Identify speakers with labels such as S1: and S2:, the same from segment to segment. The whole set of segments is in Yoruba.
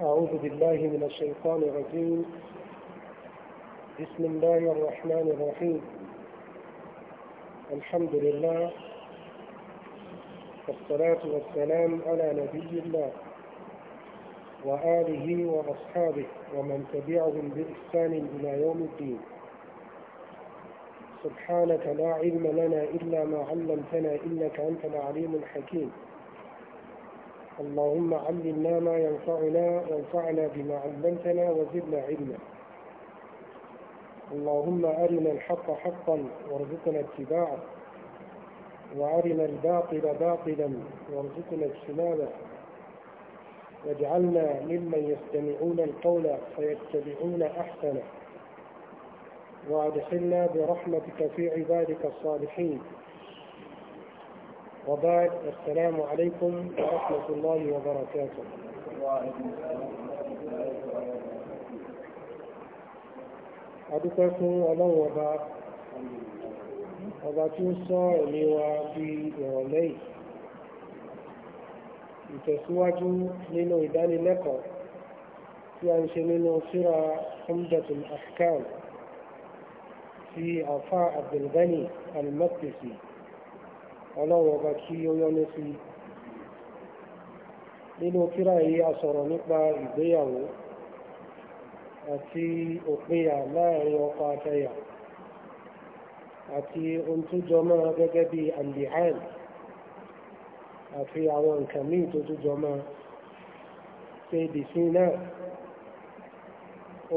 S1: أعوذ بالله من الشيطان الرجيم بسم الله الرحمن الرحيم الحمد لله والصلاة والسلام على نبي الله وآله وأصحابه ومن تبعهم بإحسان إلى يوم الدين سبحانك لا علم لنا إلا ما علمتنا إنك أنت العليم الحكيم اللهم علمنا ما ينفعنا وانفعنا بما علمتنا وزدنا علما اللهم أرنا الحق حقا وارزقنا اتباعه وأرنا الباطل باطلا وارزقنا اجتنابه واجعلنا ممن يستمعون القول فيتبعون أحسنه وادخلنا برحمتك في عبادك الصالحين وبعد السلام عليكم ورحمة الله وبركاته أدوكاكم ألو وبا وبا تنسى ليوا في يومي يتسواجو لنو إداني لكو يعني شنو سرى حمدة الأحكام في أفا عبد الغني المكتسي ọlọ́run ọba kí ó yọ́nú sí nínú kíra yìí a sọ̀rọ̀ nípa ìgbéyàwó àti òpinya láàrin ọkọ àtẹyà àti ohun tó jọ mọ́ gẹ́gẹ́ bí andihan àti àwọn nǹkan míì tó tó jọ mọ́ ṣe ìdìsín náà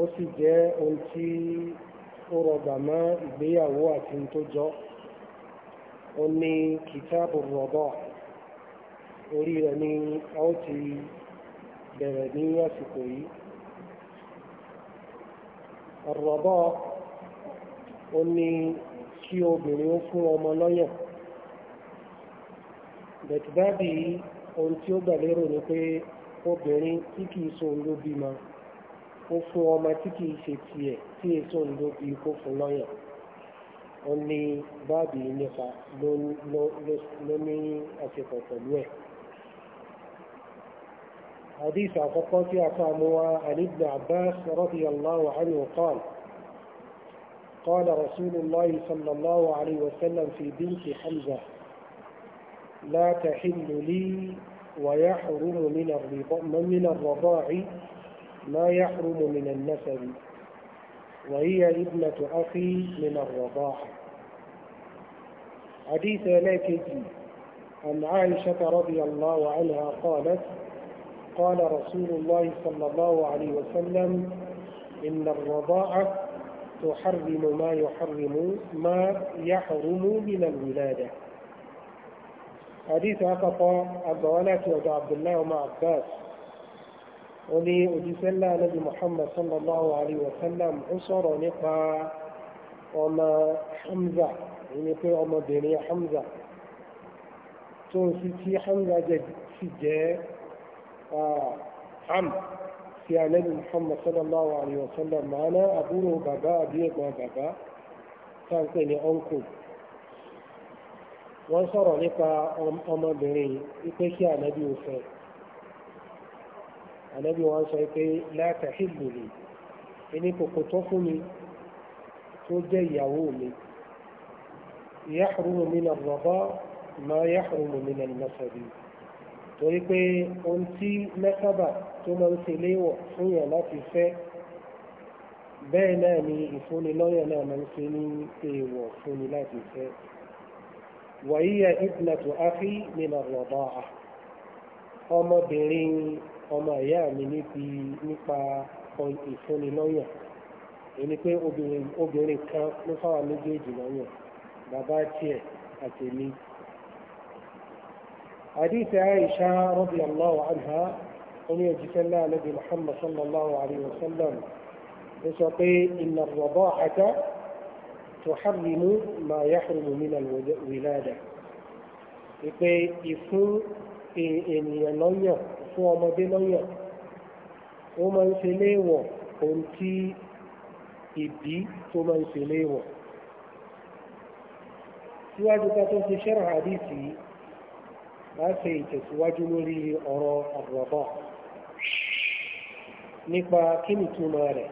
S1: ó sì jẹ́ ohun tí ó rọgbà ó ní kìtàbù rọ̀bọ̀ orí rẹ̀ ni a ó ti bẹ̀rẹ̀ ní àsìkò yìí rọ̀bọ̀ ó ní kí obìnrin ó fún ọmọ lọ́yàn bẹ̀tìbábì ohun tí ó gbà lérò ni pé obìnrin tí kìí so ń ló bímọ ó fún ọmọ tí kìí ṣe tiẹ̀ tí èso ló bí kó fún lọ́yàn. wọ́n ní báàbì nípa ló ní àṣepọ̀ pẹ̀lú ẹ̀. حديث أخوة أقاموا عن ابن عباس رضي الله عنه قال قال رسول الله صلى الله عليه وسلم في بنت حمزة لا تحل لي ويحرم من من الرضاع ما يحرم من النسب وهي ابنة أخي من الرضاعه حديث لكن عن عائشة رضي الله عنها قالت قال رسول الله صلى الله عليه وسلم إن الرضاعة تحرم ما يحرم ما يحرم من الولادة حديث أقطع الضوالات وضع عبد الله مع عباس ولي أجسل نبي محمد صلى الله عليه وسلم عصر نقا وما حمزة ìní pé ọmọbìnrin Hamza tó ń fi tí Hamza jẹ sì jẹ́ ham sí alẹ́bí Muhammad sallallahu alayhi wa sallam ma'ana àbúrò bàbá àbí ẹ̀gbọ́n bàbá tá ń pè ní uncle wọ́n sọ̀rọ̀ nípa ọmọbìnrin wípé kí ànábì ò fẹ́ ànábì wọn sọ pé la tahillu ẹni kòkò fún mi tó jẹ́ ìyàwó mi يحرم من الرضاء ما يحرم من النسب torí pé ohun tí mẹ́sábà tó máa ń ṣe léwọ̀ fún yàn láti fẹ́ bẹ́ẹ̀ náà ni ìfúnnilọ́yọ̀ náà máa ń ṣe ní èèwọ̀ fúnni láti fẹ́ wàyíyà ìbùnàtò áfí nínú ọ̀rọ̀dọ́ à ọmọbìnrin ọmọ ìyá mi níbi nípa ìfúnnilọ́yọ̀ èyí ni pé obìnrin kan ló fáwọn méjèèjì lọ́yọ̀ bàbá tiẹ̀ àtẹ̀mí. حديث عائشة رضي الله عنها أن يجتلى الله نبي محمد صلى الله عليه وسلم يسقي إن الرضاعة تحرم ما يحرم من الولادة ìpè ìfún ènìyàn lọ́yàn fún ọmọdé lọ́yàn ó máa ń ṣe léèwọ̀ ohun tí ìbí tó máa ń ṣe léèwọ̀ síwájú ká tó ṣe ṣẹ́rọ̀ àdìsí wá ṣe ìtẹ̀síwájú lórí ọ̀rọ̀ àrọ̀bọ̀ nípa kí ni túmọ̀ rẹ̀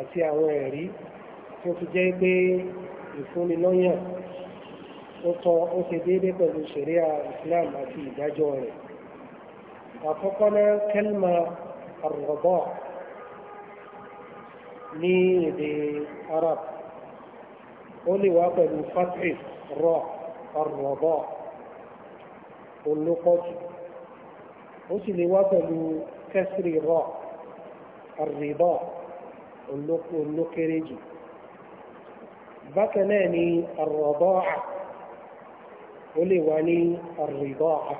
S1: àti àwọn ẹ̀rí tó fi jẹ́ pé ìfúnnilọ́yàn ó tọ́ ó ṣe déédéé pẹ̀lú ṣẹ̀ríà Islam àti ìdájọ́ rẹ̀ àkọ́kọ́ náà kẹ́lìmà àrọ̀bọ̀ ní èdè Arab ó lè wá pẹ̀lú fatih rọ ọ̀rọ̀bọ̀ olókọ́jù ó sì lè wá pẹ̀lú kẹsìrì rọ ọ̀rìbọ̀ olókéré jù bákan náà ni ọ̀rọ̀bọ̀ à ó lè wá ní ọ̀rìbọ̀ à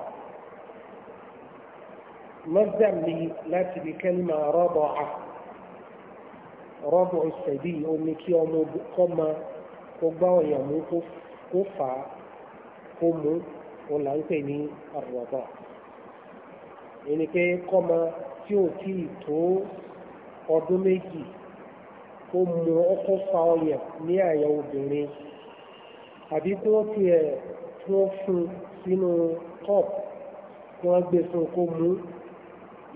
S1: مصدر لي لاتي بكلمة رضع رضع السبيل أمي كي أمو كما كبا ويموقف kó fà á kó mú òun là ń pè ní àrùbọ̀ ẹni pé kọ́mọ tí ò tí ì tó ọdún méjì kó mu ọkọ̀ fa ọyàn ní àyà obìnrin àbí kí wọ́n tiẹ̀ tí wọ́n fún sínú kọ́ọ̀pù kí wọ́n gbé fún kó mú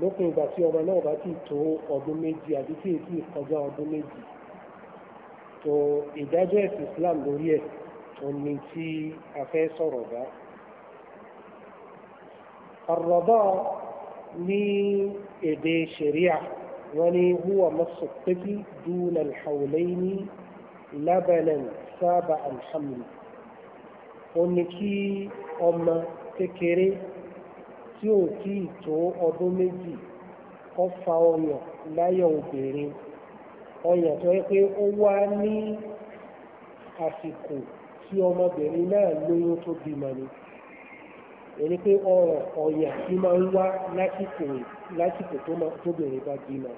S1: lópin ìgbà tí ọmọ náà bá ti tó ọdún méjì àbí tí èyí ti kọjá ọdún méjì tó ìdájọ́ ẹ̀sìn Islam lórí ẹ̀sìn òní tí a fẹ́ sọ̀rọ̀ bá. Àrọ̀bọ̀ ní èdè ṣẹ̀ríà wọ́n ní húwà masu pẹ́kí dúnà alhàwùlẹ́ ní lábẹ́lẹ̀ sábà alhamdu. Òní kí ọmọ kékeré tí ò tí tó ọdún méjì kọ́ fa ọyàn láyọ̀ obìnrin ọyàn tó yẹ pé ó wá ní àsìkò tí ọmọbìnrin náà lóyún tó bímọ ni ẹni pé ọrọ ọ̀yà tí máa ń wá lásìkò lásìkò tóbìnrin bá bímọ.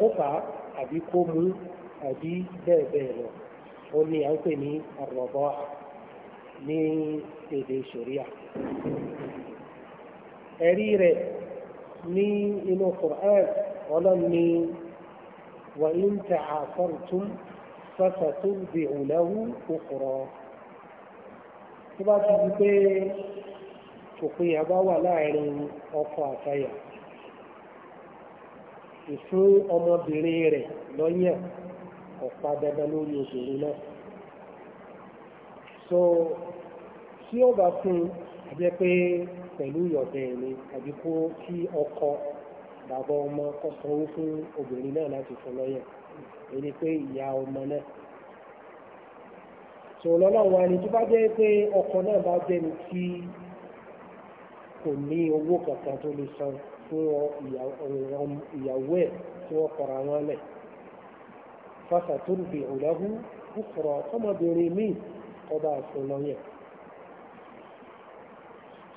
S1: tó fà á àbí kó mú àbí bẹ́ẹ̀ bẹ́ẹ̀ lọ ó ní à ń pè ní àrọ̀bọ́ ní èdè ṣòríà. ẹ̀rí rẹ̀ ní inú Qur'an وإن تعاثرتم فسترضع له أخرى tó bá ti di pé òpinya bá wà láàrin ọkọ àtayà ìfún ọmọbìnrin rẹ̀ lọ́yàn ọ̀pá dandan lórí obìnrin náà so tí ó bá fún un àjẹ́ pé pẹ̀lú ìyọ̀bẹ̀ ẹ̀mí àbí kó kí ọkọ bàbá ọmọ kó sanwó fún obìnrin náà láti fún lọ́yẹ̀ èyí pé ìyá ọmọ náà sọ̀rọ̀ lọ́wọ́ ẹni tó bá jẹ́ pé ọkọ náà bá jẹ́ni tí kò ní owó kankan tó lè san fún ìyàwó ẹ̀ tí wọ́n kọ̀ra wọn lẹ̀ fásitì tó ń bè ọ̀làhùn ó kọ̀rọ̀ ọmọbìnrin míì kọ́ bá fún lọ́yẹ̀.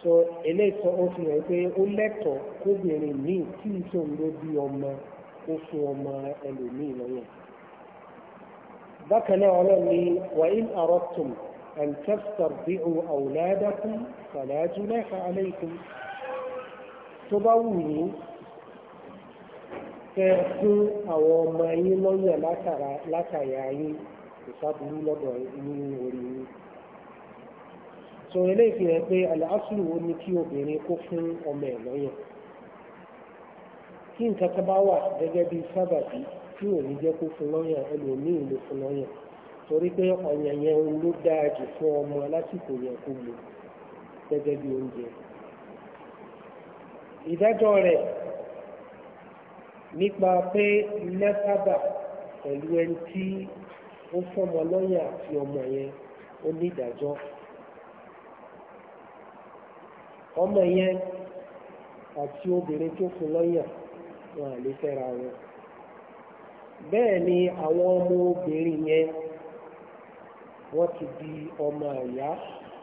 S1: so eléyìí ó fi hàn pé ó lẹ́tọ̀ọ́ kóbìnrin míì tí ìṣòro ló bí ọmọ ó fún ọmọ ẹlòmíì lọ́yẹ̀. bákan náà ọ̀rọ̀ ni wàhíl arọ́tùm أن تسترضعوا أولادكم فلا جناح عليكم تبوني fẹ́ fún àwọn ọmọ yín lọ́yẹ̀ látàyà yín kò lọ́dọ̀ yín orí yín. so eléyìí fi hàn pé àlàáfíà wo ni kí obìnrin kó fún ọmọ ẹ̀ lọ́yàn tí nǹkan kan bá wà gẹ́gẹ́ bí sábàbí tí ò ní jẹ́ kó fún lọ́yàn ẹlòmíì ló fún lọ́yàn torí pé ọ̀yàn yẹn ló dáa jù fún ọmọ lásìkò yẹn kó lò gẹ́gẹ́ bí oúnjẹ ìdájọ́ rẹ̀ nípa pé lẹ́sábà pẹ̀lú ẹni tí ó fọmọ ọmọ yẹn àti obìnrin tó fún lọ́yàn wọn à lè fẹ́ra wọn bẹ́ẹ̀ ni àwọn ọmọ obìnrin yẹn wọ́n ti di ọmọ àyà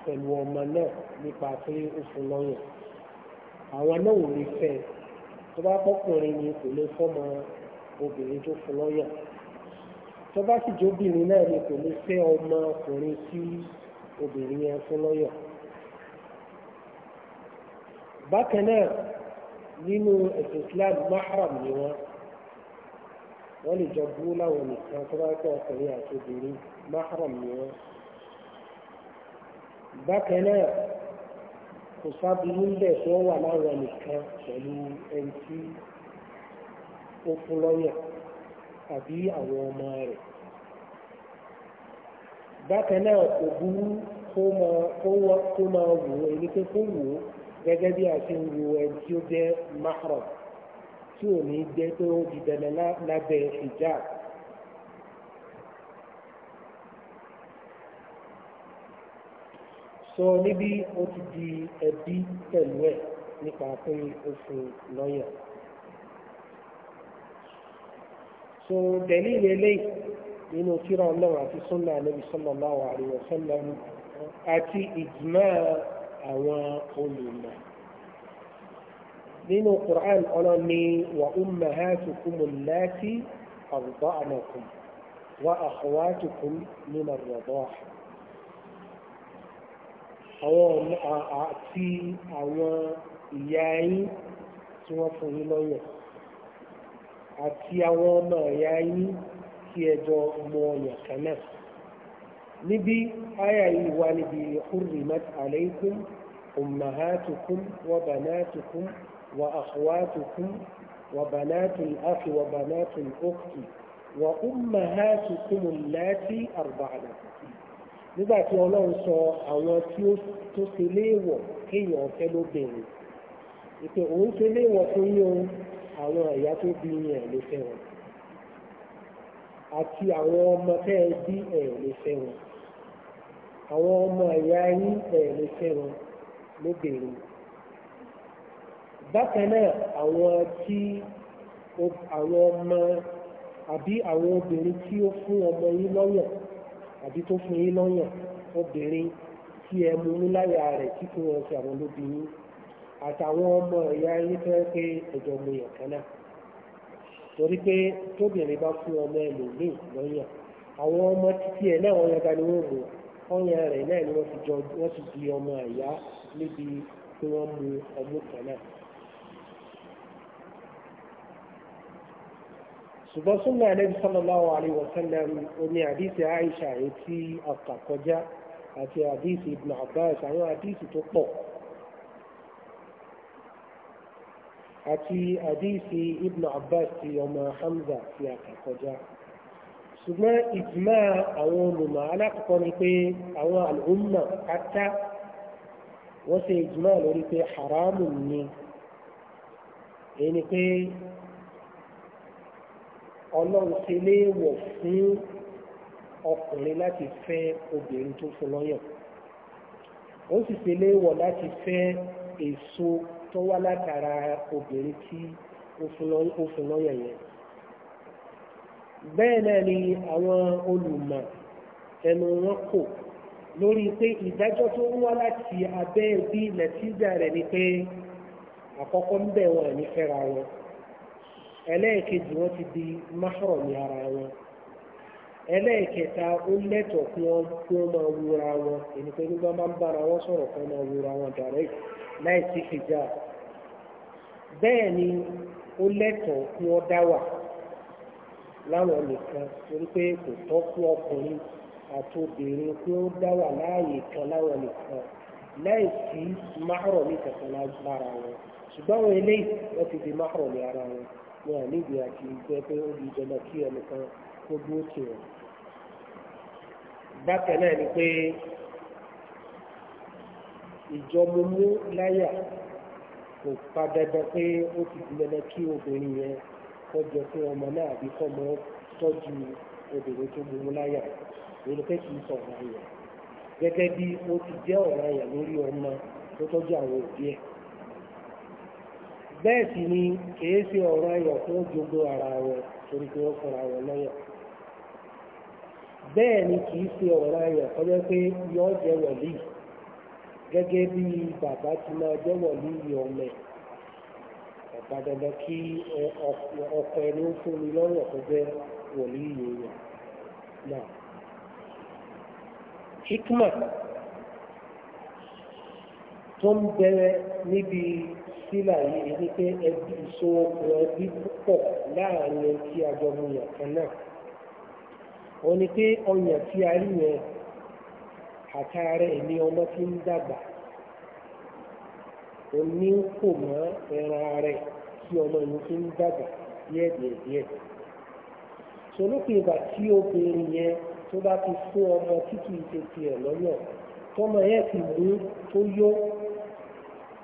S1: pẹ̀lú ọmọ náà nípa pé ó fún lọ́yàn àwọn náà ò lè fẹ́ tó bá pọ́kùnrin ni kò lè fọ́mọ obìnrin tó fún lọ́yàn tó bá sì jóbìnrin náà ni kò lè fẹ́ ọmọ ọkùnrin tí obìnrin yẹn fún lọ́yàn bákan náà nínú ẹ̀sìn Islam mahram ni wọ́n wọ́n lè jọ bú láwọn nìkan tó bá kọ́ ọkùnrin àti obìnrin mahram ni wọ́n bákan náà kò sábìlú ń bẹ̀ tó wà láwọn nìkan pẹ̀lú ẹni tí ó fún lọ́yà àbí àwọn ọmọ rẹ̀ bákan náà kò burú kó máa wò ẹni pé kó wò ó gẹ́gẹ́ bí a ṣe ń wo ẹni tí ó jẹ́ mahram tí ò ní jẹ́ pé ó di dandan lábẹ́ hijab. sọ níbi ó ti di ẹbí pẹ̀lú ẹ̀ nípa pé ó fún lọ́yà. so dẹ̀lí lélẹ́yìí nínú tírà ọlọ́run àti sunna anabi sallallahu alayhi wa sallam àti ijma' àwọn olùmọ̀ nínú Qur'an ọlọ́ni wa ummahatukum allati arda'nakum wa akhawatukum min ar-rida'a àwọn àti àwọn ìyá yín tí wọ́n fún yín lọ́yàn àti àwọn ọmọ ìyá yín tí ẹjọ́ mọ ọyàn kan náà níbi àyà yìí wà níbi hurrimat alaykum ummahatukum wa banatukum wa akhwatukum wa banatul akhi wa banatul ukhti wa ummahatukum allati arba'nakum nígbà tí ọlọ́run sọ àwọn tí ó tó ṣe léèwọ̀ kéèyàn ọ̀fẹ́ lóbìnrin ìpè òun ṣe léèwọ̀ fún yín àwọn ẹ̀yà tó bí yín ẹ̀ ló fẹ́ wọn àti àwọn ọmọ tẹ́ ẹ bí ẹ̀ ló fẹ́ wọn àwọn ọmọ ẹ̀yà yín ẹ̀ẹ́lẹ́ fẹ́ràn lóbìnrin bákan náà àwọn tí àwọn ọmọ àbí àwọn obìnrin tí ó fún ọmọ yín lọ́yàn àbí tó fún yín lọ́yàn obìnrin tí ẹ mú ní láyà rẹ̀ tí kò wọ́n ti àwọn lóbìnrin àtàwọn ọmọ ẹ̀yà yín fẹ́ pé ẹ̀jọ̀ mu yàn kan náà torí pé tóbìnrin bá fún ọmọ ẹlòmíì lọ́yàn àwọn ọmọ títí ẹ̀ náà wọ́n yọba ni wọ́n mú wọn ọyàn rẹ̀ náà ni wọ́n ti jọ wọ́n ti di ọmọ àyá níbi tí wọ́n mu ọmú kan náà. ṣùgbọ́n súnmọ́ Ànábì sallallahu alaihi wa sallam oní àdìsí Aisha yìí tí àti àdìsí Ibn Abbas àwọn àdìsí tó pọ̀ àti àdìsí Ibn Abbas ti ọmọ Hamza tí a ṣùgbọ́n ìjìmá àwọn olùmọ̀ alákọ̀ọ́kọ́ ni pé àwọn àlùmọ̀ pátá wọ́n ṣe ìjìmá lórí pé haramu ni èyí ni pé ọlọ́run ṣe léèwọ̀ fún ọkùnrin láti fẹ́ obìnrin tó fún lọ́yàn ó sì ṣe léèwọ̀ láti fẹ́ èso tó wá látara obìnrin tí ó fún lọ́yàn yẹn. bẹ́ẹ̀ náà ni àwọn olùmọ̀ ẹnu wọn kò lórí pé ìdájọ́ tó ń wá láti abẹ́ bí nàìjíríà rẹ̀ ni pé àkọ́kọ́ ń bẹ̀ wọn ní fẹ́ra wọn ẹlẹ́ẹ̀kejì wọn ti di máṣọ̀rọ̀ ní ara wọn ẹlẹ́ẹ̀kẹta ó lẹ́tọ̀ọ́ kí wọ́n kí wọ́n máa wúra wọn pé nígbà máa ń bára wọn sọ̀rọ̀ kí wọ́n máa wúra wọn direct láì ni ó lẹ́tọ̀ọ́ kí wọ́n dá láwọn nìkan torí pé kò tọ́ fún ọkùnrin àti obìnrin pé ó dá wà láàyè kan láwọn nìkan láì sí máhùrọ̀ ní kankan lára wọn ṣùgbọ́n àwọn eléyìí wọ́n ti di máhùrọ̀ ní ara wọn wọn à níbi àti ìgbẹ́ pé ó di ìjọba kí ẹnìkan kó dúró tì wọ́n. bákan náà ni pé ìjọmọmú láyà kò padà dán pé ó ti di dandan kí obìnrin yẹn kọjọ fún ọmọ náà àbí kọmọ tọ́jú obìnrin tó gbogbo láyà olùkẹ́ sọ ọ̀rọ̀ ayà gẹ́gẹ́ bí ó ti jẹ́ ọ̀rọ̀ ayà lórí ọmọ tó tọ́jú àwọn òbí bẹ́ẹ̀ sì ni kìí ṣe ọ̀rọ̀ ayà fún gbogbo ara wọn torí pé lọ́yà ni kìí ṣe ọ̀rọ̀ pé jẹ́ gẹ́gẹ́ bàbá ti máa jẹ́ ọ̀pá dandan kí ọkọ ẹni ó fún mi lọ́rùn ọ̀pọ̀ jẹ́ wọ̀lú ìyẹn yẹn náà. hikma tó ń bẹ̀rẹ̀ níbi sílà yìí ni pé ẹbí ìṣòwò ẹbí púpọ̀ láàrin ẹni tí a jọ mu yàn náà ó ní pé ọyàn tí a rí yẹn àtàrà ẹni ọmọ tí ń dàgbà ó ní ń fò mọ́ ẹran rẹ̀ tí ọmọ yìí fi ń dàgbà díẹ̀ díẹ̀ díẹ̀. sọlọ́pìn ìgbà tí obìnrin yẹn tó bá ti fún ọmọ tí kìí ṣe tiẹ̀ lọ́nà tọmọ yẹn ti mú tó yó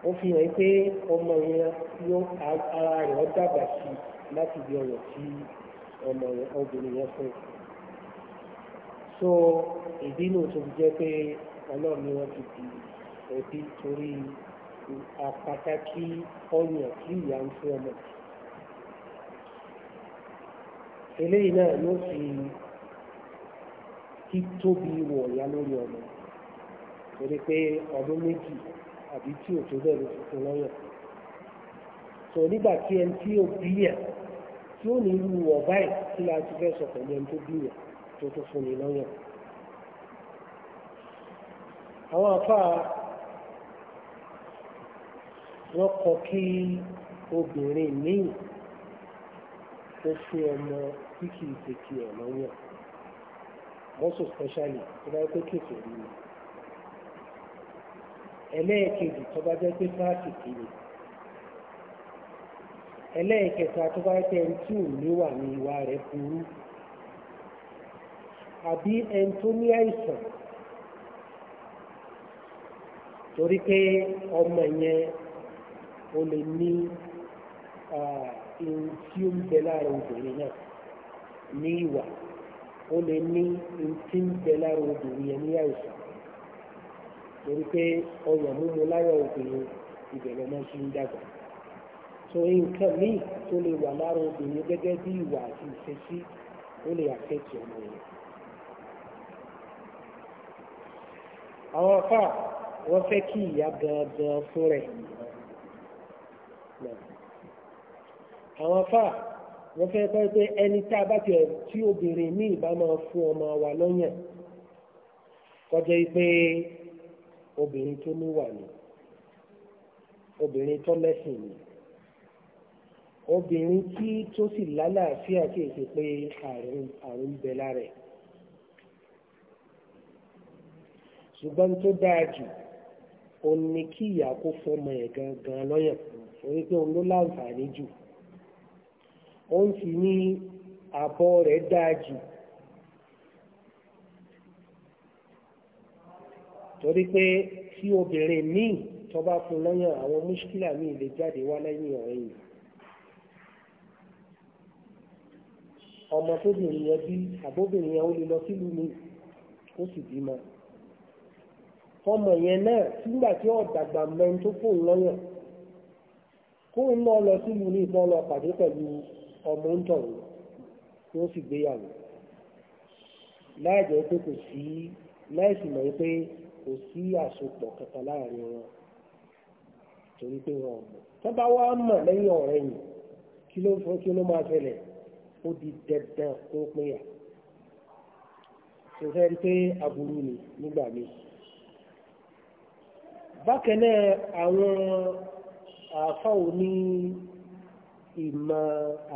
S1: ó fi hàn pé ọmọ yẹn yó ara rẹ̀ ó dàgbà sí i láti di ọ̀rọ̀ tí ọmọ obìnrin yẹn fún. so ìdí nù tó fi jẹ́ pé ọlọ́run ni wọ́n ti di ẹbí torí àpàtàkì ọyàn tí ìyá ń fún ọmọ. eléyìí náà yóò fi títóbi wọ̀ ọ̀yá lórí ọmọ torí pé ọdún méjì àbí tí ò tó bẹ̀rẹ̀ tuntun lọ́yàn. sọ nígbà tí ẹni tí ó bí yàn tí ó ní irú wọ̀ báyìí tí la ti fẹ́ sọ pẹ̀lú ẹni tó bí yàn tó tó fún ni lọ́yàn. àwọn afáà wọ́n kọ kí obìnrin míì tó ṣe ọmọ tí kì í ṣe kí ọmọ yàn mọ́sọ̀ specially tó bá pé kéèké rí ni ẹlẹ́ẹ̀kejì tó bá jẹ́ pé fásitì ni ẹlẹ́ẹ̀kẹta tó bá jẹ́ ẹni tí ò níwà ní ìwà rẹ̀ burú àbí ẹni tó ní àìsàn torí pé ọmọ yẹn o lè ní ohun tí ó ń bẹ lára obìnrin náà ní ìwà ó lè ní ohun tí ń bẹ lára obìnrin yẹn ní àìsàn torí pé ọyàn múmu lára obìnrin ìbẹ̀rẹ̀ máa ṣe ń dàgbà so nǹkan míì tó lè wà lára obìnrin gẹ́gẹ́ bí ìwà àti ìṣesí ó lè àfẹ́tì ọmọ yẹn. àwọn afá wọ́n fẹ́ kí ìyá gangan fún rẹ̀ àwọn afá wọ́n fẹ́ pẹ́ pé ẹni tá a bá tiẹ̀ tí obìnrin ní ìbá máa fún ọmọ wa lọ́yàn kọjá pé obìnrin tó níwà ni obìnrin tó lẹ́sìn ni obìnrin tí tó sì lálàáfíà kì í ṣe pé àrùn ń bẹ lára ẹ̀ ṣùgbọ́n tó dáa jù òun ni kí ìyá kó fọmọ ẹ̀ gangan lọ́yàn fún torí pé òun ló láǹfààní jù òun sì ní àbọ̀ rẹ̀ dáa jù torí pé tí obìnrin míì tó bá fún lọ́yàn àwọn múṣkílà míì lè jáde wá lẹ́yìn ọ̀rẹ́yìn ọmọ tóbìnrin yẹn bí àbóbìnrin yẹn ó lè lọ sílùú mi ó sì bímọ ọmọ yẹn náà nígbà tí ó mẹ́rin tó fóun lọ́yàn kó ń lọ lọ sí mu ní ìbọn lọ pàdé pẹ̀lú ọmọ ń tọ̀rọ̀ tí sì gbéyàwó láìjẹ́ pé kò sí láìsì mọ̀ pé kò sí àsopọ̀ kẹta láàrin wọn torí pé wọn mọ̀ wá mọ̀ lẹ́yìn ọ̀rẹ́ yìí kí ló ni nígbà míì bákan náà àáfàá ní ìmọ̀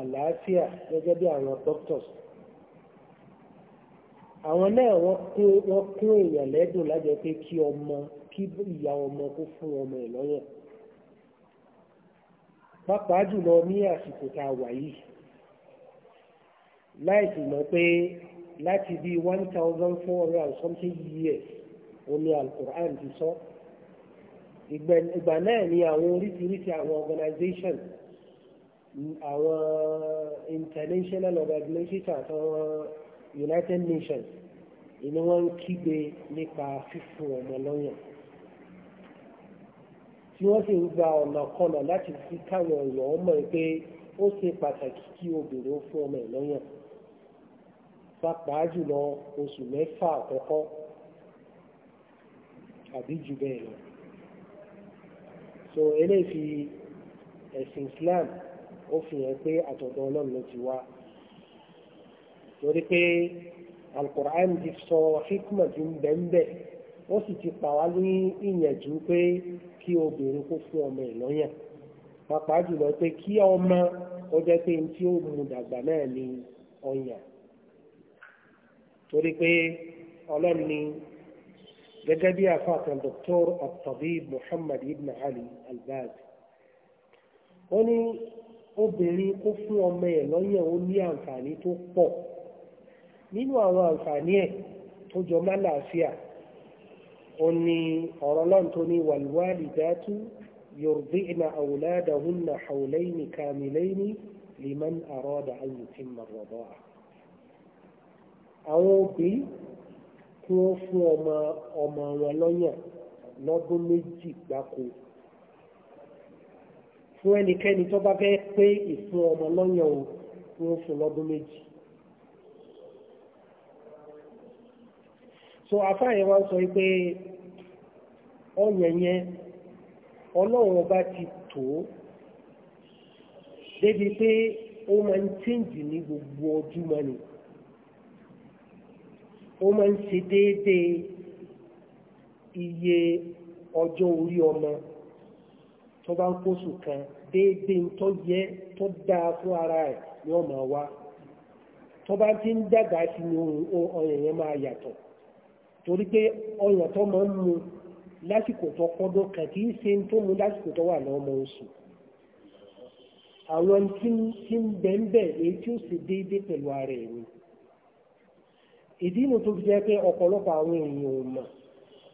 S1: àlàáfíà gẹ́gẹ́ bí àwọn doctors àwọn náà wọ́n kún èèyàn lẹ́dùn lájẹ́ pé kí ọmọ kí ìyá ọmọ kó fún ọmọ ẹ̀ lọ́yàn pàápàá jùlọ ní àsìkò tá a wà yìí láìsí mọ̀ pé láti bí one thousand four hundred and something years ó alukur'an ti sọ. So ìgbà náà ni àwọn oríṣiríṣi àwọn organization àwọn international organization àtàwọn United Nations ìní wọ́n ń kígbe nípa fífún ọmọ lọ́yàn tí wọ́n sì ń gba ọ̀nà kọ̀nà láti fi káwọn èèyàn ọmọ ẹ pé ó ṣe pàtàkì kí obìnrin ó fún ọmọ ẹ lọ́yàn pàápàá jùlọ oṣù mẹ́fà àkọ́kọ́ àbí jù bẹ́ẹ̀ lọ. so eléyìí fi ẹ̀sìn Islam ó fi hàn pé àtọ̀dọ̀ ọlọ́run ló ti wá torí pé alukur'an ti sọ hikma ti ń bẹ ń ó sì ti pa wá ní ìyànjú pé kí obìnrin kó fún ọmọ ẹ̀ lọ́yàn pàápàá jùlọ pé kí ọmọ ó jẹ́ pé tí ó mu dàgbà ni ọyàn torí pé ọlọ́run ni. gẹ́gẹ́ bí àfàkàn dr at-tabib muhammad ibn ali albaz ó ní obìnrin kó fún ọmọ ẹ̀ lọ́yàn ó ní àǹfààní tó pọ̀ nínú àwọn àǹfààní ẹ̀ tó jọ má làáfíà ó ní ọ̀rọ̀ lọ́n tó ní wàlúwàlìdátú yorùbá àwòládàhùn hawlayni kamilayni liman arada an yutimma ar-rida'a àwọn obìnrin kí wọ́n fún ọmọ ọmọ wọn lọ́yàn lọ́dún méjì gbáko fún ẹnikẹ́ni tó bá fẹ́ pé ìfún ọmọ lọ́yàn o kí wọ́n fún lọ́dún méjì. so afáàyè wa sọ pé ọyàn ọlọ́run ọba ti tó débi pé ó máa ń tẹ́ǹdì ní gbogbo ọdún mọ́ni. ó máa ń ṣe déédéé iye ọjọ́ orí ọmọ tó bá ń kóṣù kan déédéé yẹ tó dáa fún ara ẹ̀ ni ó máa wá tó bá ti ń dàgbà sí ni ọyàn yẹn máa yàtọ̀ torí pé ọyàn tó máa mu lásìkò tó pọ́dọ̀ kan kì í ṣe tó mu lásìkò tó wà lọ́mọ oṣù àwọn ara ẹ̀ ni. ìdí inú tó fi jẹ́ pé ọ̀pọ̀lọpọ̀ àwọn èèyàn ò mọ̀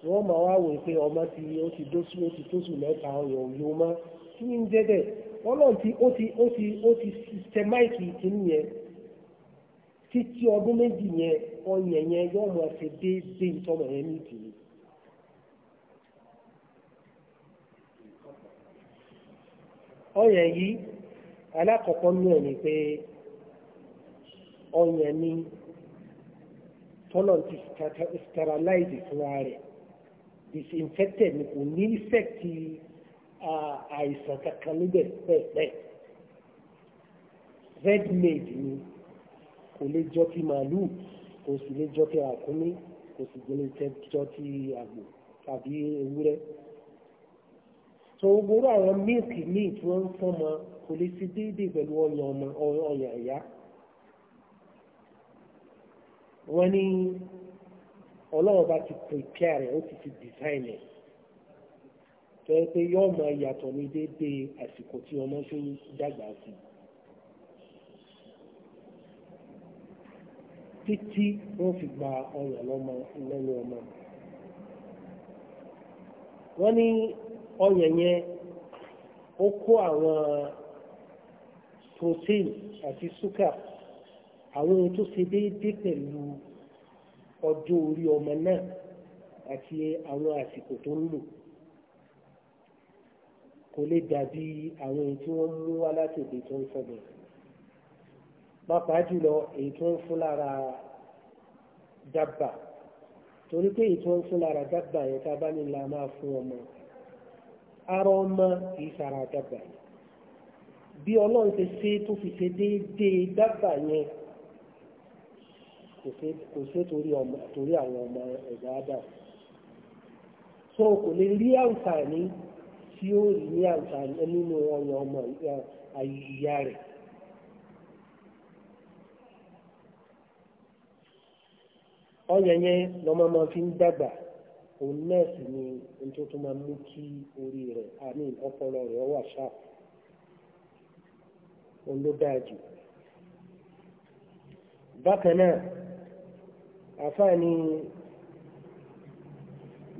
S1: wọ́n máa wá wò pé ọmọ ti ó ti dóṣù ó ti tóṣù mẹ́ta ọ̀yàn òyò mọ́ kí ń jẹ́ bẹ́ẹ̀ wọ́n náà ti ó ti ó ti ó ti systematize kìíní yẹn títí ọdún méjì yẹn ọyàn yẹn yóò máa ṣe déédéé ìtọ́mọ̀ yẹn nídìí. ọyàn yìí alákọ̀ọ́kọ́ ní ẹ̀ ni pé ọyàn ni tọ́lọ̀ ti sterilize fúnra rẹ̀ disinfected ni kò ní effect uh, àìsàn kankan níbẹ̀ pẹ́ẹ́pẹ́ red maid ni kò lè jọ ti màálù kò sì lè jọ ti àkúnmí kò sì lè jọ ti àgbò tàbí ewúrẹ́ so gbogbo àwọn mílìkì míì tí wọ́n ń fọ́n ma kò lè ṣe déédéé pẹ̀lú ọyàn ọmọ ọyàn ẹ̀yà wọ́n ní ọlọ́run bá ti prepare rẹ̀ ó ti ti design ẹ̀ tó yẹ pé yóò máa yàtọ̀ ní déédéé àsìkò tí ọmọ ṣe ń dàgbà sí títí wọ́n fi gba ọyàn lọ́mọ lẹ́nu ọmọ wọ́n ní ọyàn yẹn ó kó àwọn protein àti sugar àwọn ohun tó ṣe déédéé pẹ̀lú ọjọ́ orí ọmọ náà àti àwọn àsìkò tó ń lò kò lè dàbí àwọn èyí tí wọ́n mú wá láti èdè tó ń sọ̀bẹ̀ pàápàá jùlọ èyí tó ń fún lára dábà torí pé èyí tó ń fún lára dábà yẹn tá a bá nílò a máa fún ọmọ ara ọmọ kì í sara dábà yẹn bí ọlọ́run ti ṣe tó fi ṣe déédéé dábà yẹn kò ṣe torí àwọn ọmọ ẹ̀dá adam so kò lè rí àǹfààní tí ó rí ní àǹfààní nínú ọyàn ọmọ ìyá rẹ̀ ọyàn yẹn lọ́mọ máa fi ń dàgbà òun náà sì ni ohun tó tún máa mú kí orí rẹ̀ àmì ọpọlọ rẹ̀ wà ṣáà òun ló dáa jù bákan náà àfáà ni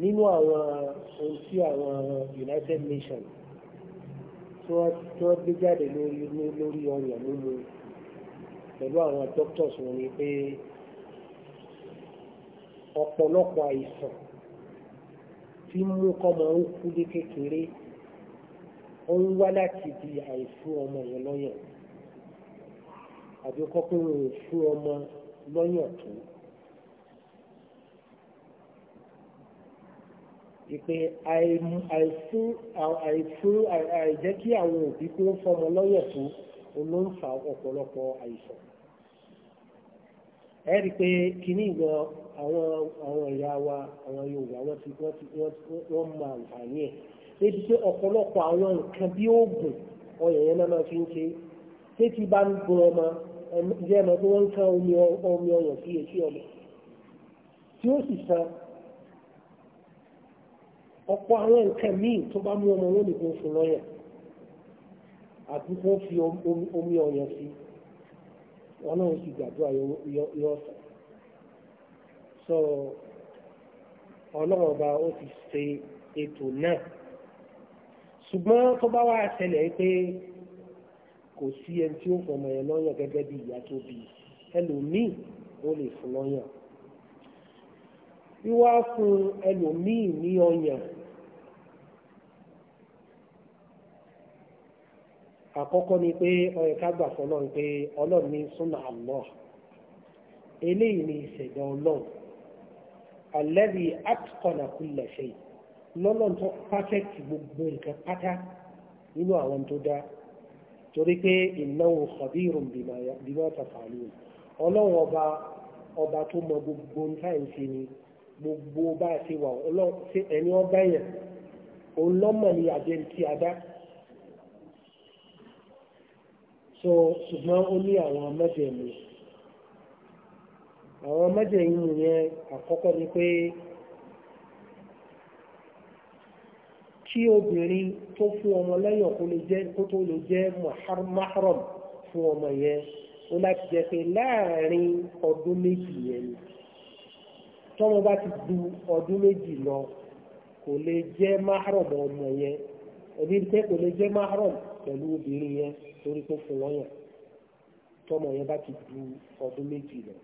S1: nínú àwọn ohun tí àwọn United Nations tí wọ́n gbé jáde lórí ọyàn mímu pẹ̀lú àwọn doctors wọn ni pé ọ̀pọ̀lọpọ̀ àìsàn tí mú kọ́mọ ń kú ní kékeré ó ń wá láti di àìfún ọmọ yẹn lọ́yàn àbí kọ́kọ́ ń fún ọmọ lọ́yàn tó. ìpè àìfún àìfún àìjẹ́ kí àwọn òbí kó fọmọ lọ́yẹ̀ fún olóńfà ọ̀pọ̀lọpọ̀ àìsàn ẹ rí i pé kíní gan àwọn àwọn ìyá wa àwọn Yorùbá wọ́n ti wọ́n ti wọ́n mọ àǹfààní ẹ̀ débi pé ọ̀pọ̀lọpọ̀ àwọn nǹkan bí oògùn ọyàn yẹn náà fi ń ṣe ṣé ti bá ń gbọ́ ọmọ jẹ́ ọmọ tí wọ́n ń kan omi ọyàn sí etí ọmọ tí ó sì san ọ̀pọ̀ àwọn nǹkan míì tó bá mú ọmọ wọn nìkan fún lọ́yàn àti kó fi omi ọ̀yàn sí wọn náà sì gbàdúrà yọ sàn so ọlọ́run ọba ó ti ṣe ètò náà ṣùgbọ́n tó bá wá ṣẹlẹ̀ pé kò sí ẹni tí ó fọmọ ẹ lọ́yàn gẹ́gẹ́ bí ìyá tó bí ẹlòmíì ó lè fún lọ́yàn wíwá fún ẹlòmíì ní ọyàn àkọ́kọ́ ni pé ó yẹ ká gbà fọlọ́run pé ọlọ́run ní súnà Allah eléyìí ni ìṣẹ̀dá ọlọ́run alladhi atqana kulla shay lọ́lọ́run tó pàfẹ́kì gbogbo nǹkan pátá nínú àwọn tó dá torí pé innahu khabirun bima taf'alun ọlọ́run ọba ọba tó mọ gbogbo nǹkan ìṣe ni gbogbo bá a ṣe wà ẹni ọba yẹn òun lọ́mọ ni àjẹ́ ti adá. so ṣùgbọ́n ó ní àwọn mẹ́jẹ̀mú àwọn mẹ́jẹ̀mú yẹn àkọ́kọ́ ni pé kí obìnrin tó fún ọmọ lẹ́yìn kó lè jẹ́ kó tó lè jẹ́ mahram fún ọmọ yẹn ó láti jẹ́ pé láàárín ọdún méjì yẹn ni tọ́mọ bá ti du ọdún méjì lọ kò lè jẹ́ mahram ọmọ yẹn òbí pé kò lè jẹ́ mahram pẹ̀lú obìnrin yẹn torí pé fún lọ́yàn tọmọ yẹn bá ti ju ọdún méjì lọ.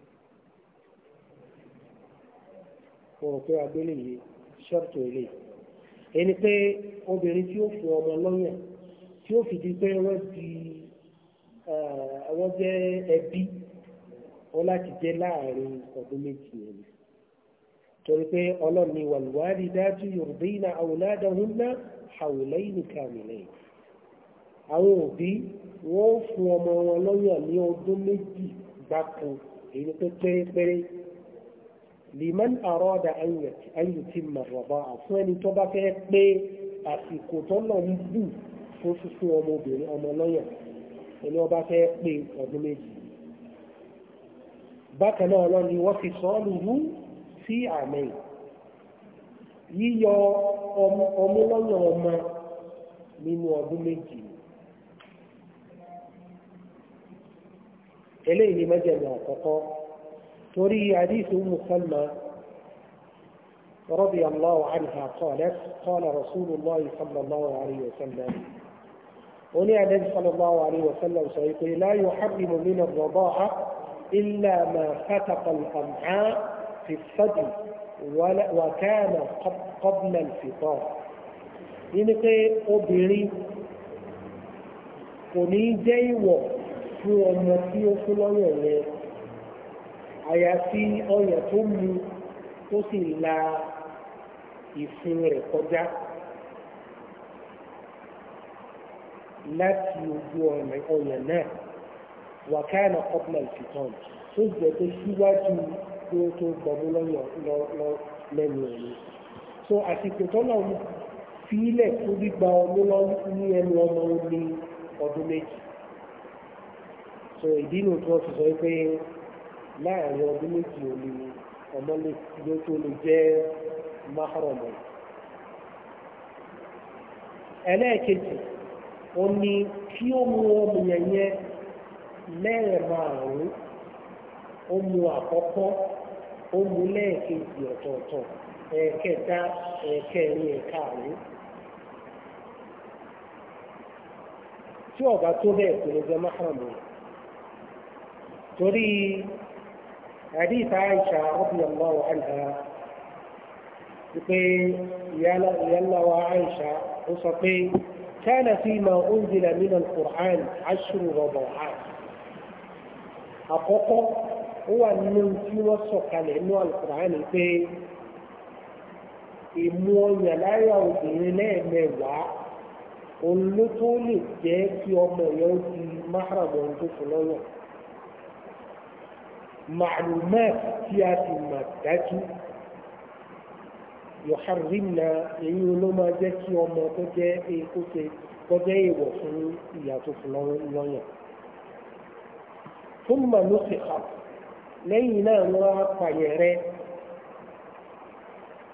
S1: mo rò pé agbélé yìí ṣọ́ọ̀tù ilé ẹni pé obìnrin tí ó fún ọmọ lọ́yàn tí ó fi di pé wọ́n di eh, wọ́n jẹ́ ẹbí wọ́n láti jẹ́ láàrin ọdún méjì yẹn torí pé ọlọ́run ni wal walidatu yurdina awladahunna hawlayni kamilayn àwọn òbí wọ́n fún ọmọ wọn lọ́yàn ní ọdún méjì gbákan èyí tó pẹ́rẹ́pẹ́rẹ́ liman àrọ́dà ayùtí màrọ̀bá fún ẹni tó bá fẹ́ pé àsìkò tó lọ ń bù fún fífún ọmọbìnrin ọmọ lọ́yàn ẹni ọba fẹ́ pé ọdún méjì bákan náà lọ ni wọ́n fi sọ lùrú sí àmì yíyọ ọmọ lọ́yàn ọmọ nínú ọdún méjì eléyìí ni mẹ́jẹ̀mọ̀ àkọ́kọ́ torí àdìsí mùsàlmà رضي الله عنها قالت قال رسول الله صلى الله عليه وسلم ولي النبي صلى الله عليه وسلم سيقول لا يحرم من الرضاعة إلا ما فتق الأمعاء في الثدي وكان قبل الفطار يعني obìnrin kò ní jẹ́ ìwọ̀ fún ọmọ tí ó fún lọ́yàn rẹ àyàfi ọyàn tó mu tó sì la ìfun rẹ̀ kọjá láti ojú ọyàn náà wàkàna kọ́pìlà ìfìtàn tó jẹ́ pé síwájú pé tó gbọmú lọ́yàn lẹ́nu ẹ̀mí so àsìkò tọ́lá fi ilẹ̀ tó gbígba ọmọ ní ẹnu ọmọ omi ọdún méjì so ìdí nu tí wọ́n ti sọ pé láàrin ọdún méjì ò lè ọmọ lè tó lè jẹ́ máhàrọ̀mọ̀. ẹlẹ́ẹ̀kejì ó ní kí ó mu ọmọ yẹn yẹn ó àkọ́kọ́ ó lẹ́ẹ̀kejì ọ̀tọ̀ọ̀tọ̀ ẹ̀ẹ̀kẹta ẹ̀ẹ̀kẹrin tí torí hadith Aisha radiyallahu anha pé ìyálà wa Aisha ó sọ pé kana fima unzila min al-Qur'an ashru rabu'at àkọ́kọ́ ó wà nínú tí wọ́n sọ̀kalẹ̀ inú al-Qur'an pé ìmú ọyàn láyà obìnrin lẹ́ẹ̀mẹwàá òun lè jẹ́ kí ọmọ yẹn ó di máhàrà lọ́wọ́ tó fún lọ́wọ́. معلومات سياسي مدتي يحرمنا يولوما جكي وما كجي كجي كجي وفن ياتف لونيا ثم نسخ لينا وقيري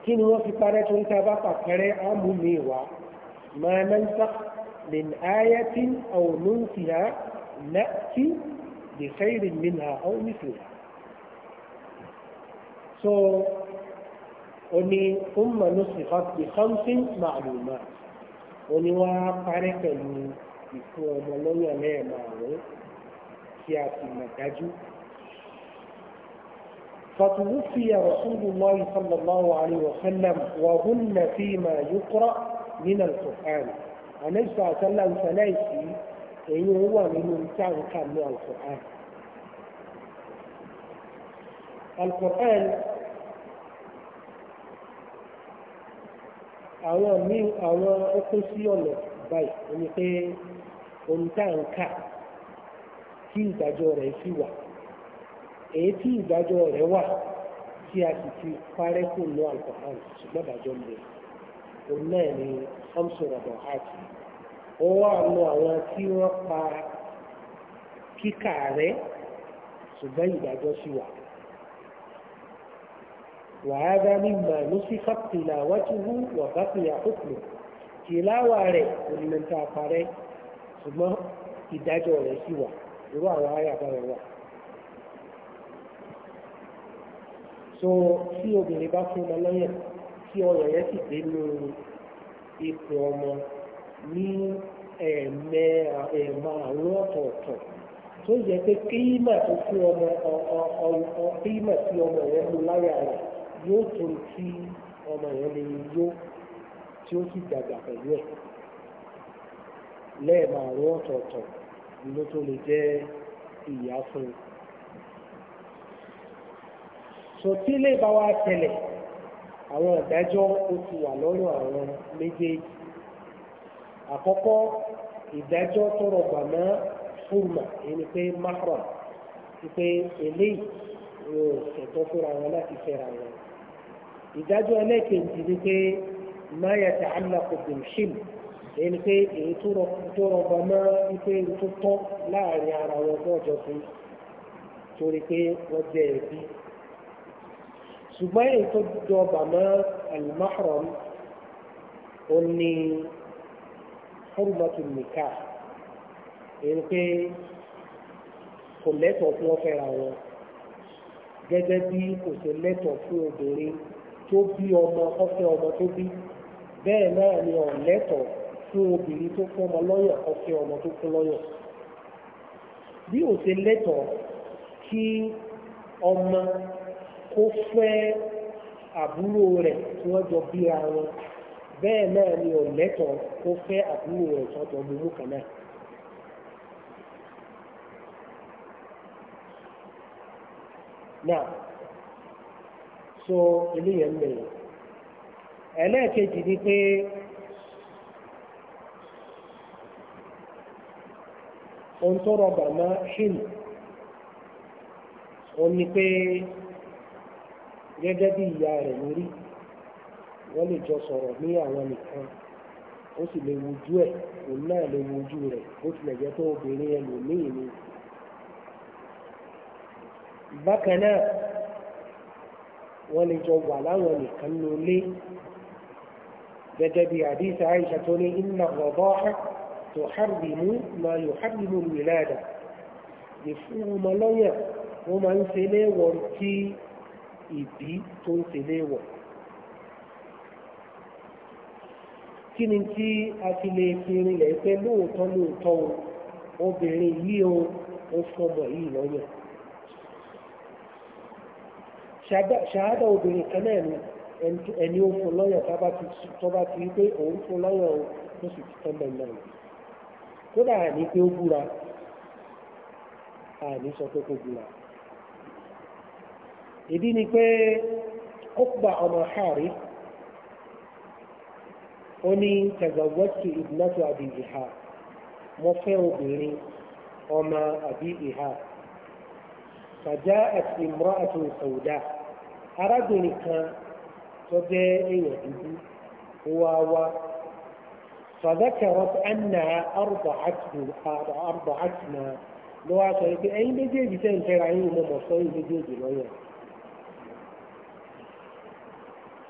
S1: كن وفي قارة تابا قرأ أمومي ما ننسخ من آية أو ننسها نأتي بخير منها أو مثلها so ó ní umma nusikhat bi khamsin ma'lumat ó ní wọ́n á parẹ́ pẹ̀lú ìfún ọmọ lọ́yàn lẹ́ẹ̀márùn-ún tí a sì mọ̀ dájú. فتوفي رسول الله صلى الله عليه وسلم وهن فيما يقرأ من القرآن النبي صلى الله عليه وسلم فلايسي èyí ń wà nínú tá à ń kà ní àwọn míì àwọn ọkọ sí ọ̀nà báyìí ẹni pé ohun tí ìdájọ́ rẹ̀ sì wà èyí tí ìdájọ́ rẹ̀ wà tí a sì ti parẹ́ kò lọ alkohol ṣùgbọ́n ìdájọ́ lè òun náà ni samson ó wà lọ àwọn tí wọ́n pa kíkà rẹ̀ ṣùgbọ́n ìdájọ́ sì wà. وهذا مما نسخت تلاوته وبقي حكمه تلاوة رẹ̀ onímọ̀ tá a parẹ́ ṣùgbọ́n ìdájọ́ rẹ̀ sì wà irú àwọn so tí obìnrin bá fún ọmọ lọ́yàn tí ọyàn yẹn sì dé nínú ipò ọmọ ní ẹ̀ẹ̀mẹ ẹ̀ẹ̀mọ àwọn ọ̀tọ̀ọ̀tọ̀ tó yẹ pé kírímà tó fún ọmọ kírímà tí ọmọ yẹn mú láyà rẹ̀. yóò torí tí ọmọ yẹn lè yó tí ó sì dàgbà pẹ̀lú ẹ̀ lẹ́ẹ̀márùn ọ̀tọ̀ọ̀tọ̀ ló tó lè jẹ́ ìyá fún un. sọtí lè bá wa tẹ̀lẹ̀ àwọn ìdájọ́ ó ti wà lọ́rùn àwọn méjèèjì àkọ́kọ́ ìdájọ́ tọrọ gbàmọ fúnmà ẹni pé ti pé eléyìí ò ṣẹ̀tọ́ fúnra wọn láti fẹ́ra ìdájọ́ ẹlẹ́kẹ̀ẹ́jì ni pé máa yẹ tà àlàkò bìrì ṣìm ẹni pé èyí tó rọgbọ máa ń pé èyí tó tọ́ láàrin ara wọn lọ́jọ́ fún torí pé wọ́n jẹ́ ẹbí ṣùgbọ́n èyí tó dọ̀bà mọ́ al ó ní hurmatun nikah èyí pé kò lẹ́tọ̀ọ́ fún wọn fẹ́ra wọn gẹ́gẹ́ bí kò ṣe lẹ́tọ̀ọ́ fún obìnrin tó bí ọmọ ọfẹ́ ọmọ tó bí bẹ́ẹ̀ náà ni ọ̀lẹ́tọ̀ fún obìnrin tó fún ọmọ lọ́yọ̀ ọfẹ́ ọmọ tó fún lọ́yọ̀ bí ò ṣe lẹ́tọ̀ kí ọmọ kó fẹ́ àbúrò rẹ̀ tí wọ́n jọ bíra wọn bẹ́ẹ̀ náà ni ọ̀lẹ́tọ̀ kó fẹ́ àbúrò rẹ̀ tí wọ́n jọ mú kan náà. Now, so eléyẹn ń bẹ̀rẹ̀ ẹlẹ́ẹ̀kejì ni pé ohun tó rọgbà mọ́ ṣìn ó ní pé gẹ́gẹ́ bí ìyá rẹ̀ lórí wọ́n lè jọ sọ̀rọ̀ ní àwọn nìkan ó sì lè wojú ẹ̀ òun náà lè wojú rẹ̀ bó tilẹ̀ jẹ́ tó obìnrin ẹlòmíì ni bákan náà wọ́n lè jọ wà láwọn nìkan ló lé gẹ́gẹ́ bí àdìsí àìsà tó ní iná ọ̀bọ̀ tó hàrìmú ma yóò hàrìmú wìláàdà ìfúnmọlọ́yà wọ́n máa ń ṣe léwọ̀ tí ìbí tó ń ṣe léwọ̀ kí ni tí a ti lè fi rinlẹ̀ pé lóòótọ́ lóòótọ́ obìnrin yìí o ó fọmọ yìí lọ́yàn ṣàádà obìnrin kan náà ni ẹni ó fún lọ́yọ̀ tó bá ti rí pé òun fún lọ́yọ̀ ó sì ti tán bẹ̀rẹ̀ náà kódà ní pé ó búra àní sọ pé kó búra ìdí ni pé Uqba ọmọ Harith ó ní tazawwajtu ibnata Abi Iha mo fẹ́ obìnrin ọmọ Abi Iha. فجاءت امرأة سوداء arábìnrin kan tó jẹ́ èèyàn dúdú wá wá فذكرت أنها أرضعتنا ló wá sọ pé ẹ̀yin méjèèjì tẹ́ ń fẹ́ra yín mo mọ̀ sọ yín méjèèjì lọ́yọ̀.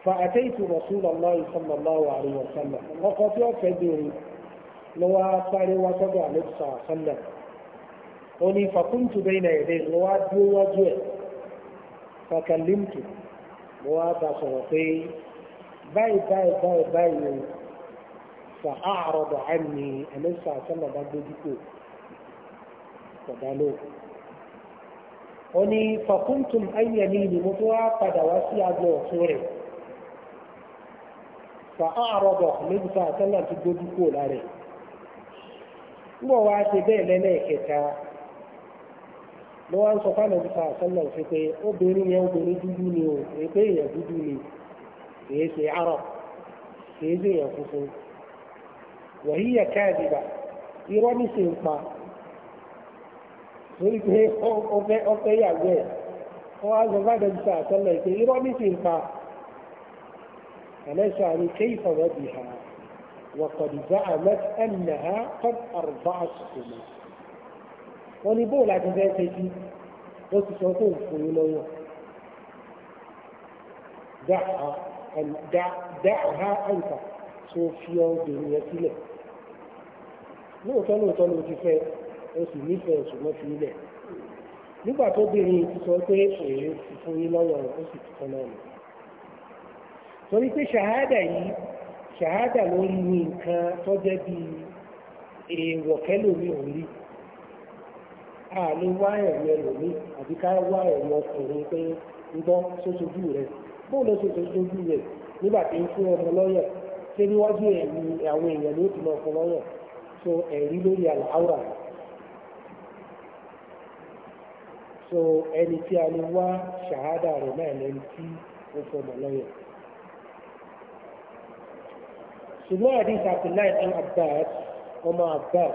S1: فأتيت رسول الله صلى الله عليه وسلم ọkọ̀ tí ó fẹ́ bèrè ló wá sáré wá sọ́dọ̀ àlejò sàlẹ̀ ó ní fàkúntù bẹ́ẹ̀ náà èdè ló wá dúró wájú ẹ̀ fàkàlímtù ló wá bá sọ̀rọ̀ pé báyìí báyìí báyìí báyìí fà áàrọ̀dọ̀ àmì ẹ̀mẹ́sà sọ́nà bá gbójúkò kọ̀dálò. ó ní fàkúntù ayẹ̀mí ni mo tó wá padà wá sí àgọ́ ọ̀tún rẹ̀ fà áàrọ̀dọ̀ ẹ̀mẹ́sà sọ́nà ti gbójúkò lára ẹ̀. ń bọ̀ wá ṣe bẹ́ẹ̀ lẹ́lẹ́ẹ̀kẹta ló wá ń sọ fáwọn ọ̀bí sáà sọ́nà òfin pé obìnrin yẹn obìnrin dúdú ni o èyí pé èèyàn dúdú ni kìí ṣe arọ kìí ṣe èèyàn funfun wọ̀nyí yẹ káàdìbà irọ́ ní ṣe ń pa lórí pé ọfẹ́ ọfẹ́ yàgbé ẹ̀ wọ́n wá ń sọ fáwọn ọ̀bí sáà sọ́nà pé irọ́ ní ṣe ń pa ẹ̀lẹ́sà ni kéyì fọwọ́ bì hà wọ́n kọ̀dìbà àmọ́ ẹ̀ wọ́n ní bóòlù àti fẹ́ ṣe sí ó ti sọ fún òfin lọ́wọ́ dá àhá àǹtà tó fi ọdún yẹn sílẹ̀ lóòótọ́ lóòótọ́ ló ti fẹ́ ó sì nífẹ̀ẹ́ ṣùgbọ́n fi ilẹ̀ nígbà tó bìnrin ti sọ pé èyí fún yín lọ́wọ́ ó sì ti tán náà nù torí pé ṣàhádà yìí ṣàhádà lórí nǹkan tó jẹ́ bíi èèwọ̀ kẹ́lòmí òun rí a lè wá ẹ̀rí ẹlòmí àbí ká wá ẹ̀rí ọkùnrin pé ń gbọ́ sóṣojú rẹ̀ bóun ló ṣe sóṣojú rẹ̀ nígbà tí ń fún ọmọ lọ́yẹ̀ ṣé níwájú ẹ̀rí àwọn èèyàn ló ti lọ fún so ẹ̀rí lórí àlàáwà so ẹni tí a lè wá ṣàhádà rẹ̀ náà lẹ́ni tí ó fún ọmọ lọ́yẹ̀ ṣùgbọ́n àdìs Abdullahi ibn Abbas ọmọ Abbas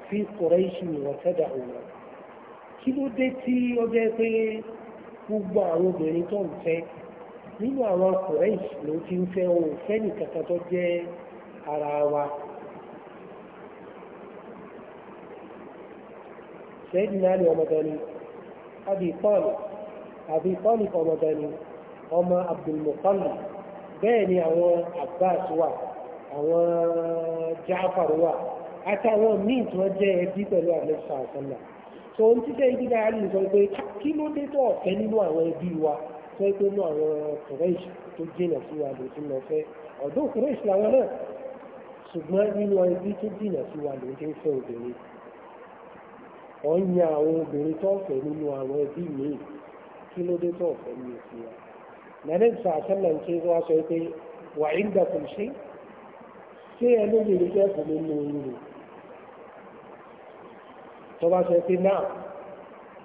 S1: fi kọ̀rẹ́ṣì wọ̀tẹ́dà òun kí ló dé tí ó nínú àwọn kọ̀rẹ́ṣì ló ti ń fẹ́ òun tó jẹ́ ara wa سيدنا ni رمضاني أبي طالب أبي طالب رمضاني ọmọ bẹ́ẹ̀ ni àwọn abbas wa àwọn jaafar wa àtàwọn míì tí wọ́n jẹ́ ẹbí pẹ̀lú àlẹ́sà àtọ́là tó ń títẹ́ ibi dáa rí sọ pé kí ló dé tó ọ̀fẹ́ nínú àwọn ẹbí wa tó pé nínú àwọn kùrẹ́ṣì tó jìnà sí wa ló ti lọ fẹ́ ọ̀dọ́ kùrẹ́ṣì làwọn náà ṣùgbọ́n nínú ẹbí tó jìnà sí wa ló ti ń fẹ́ obìnrin ọ̀ ń yan àwọn obìnrin tó ọ̀fẹ́ nínú àwọn ẹbí míì kí ló dé tó ọ̀fẹ́ nínú ẹbí wa lẹ́nìí sọ ń ṣe wá sọ pé wà ń dàkùn ṣe ṣé ẹ ló lè rí kẹ́kọ̀ọ́ nínú oyún rẹ̀ tó bá sọ pé náà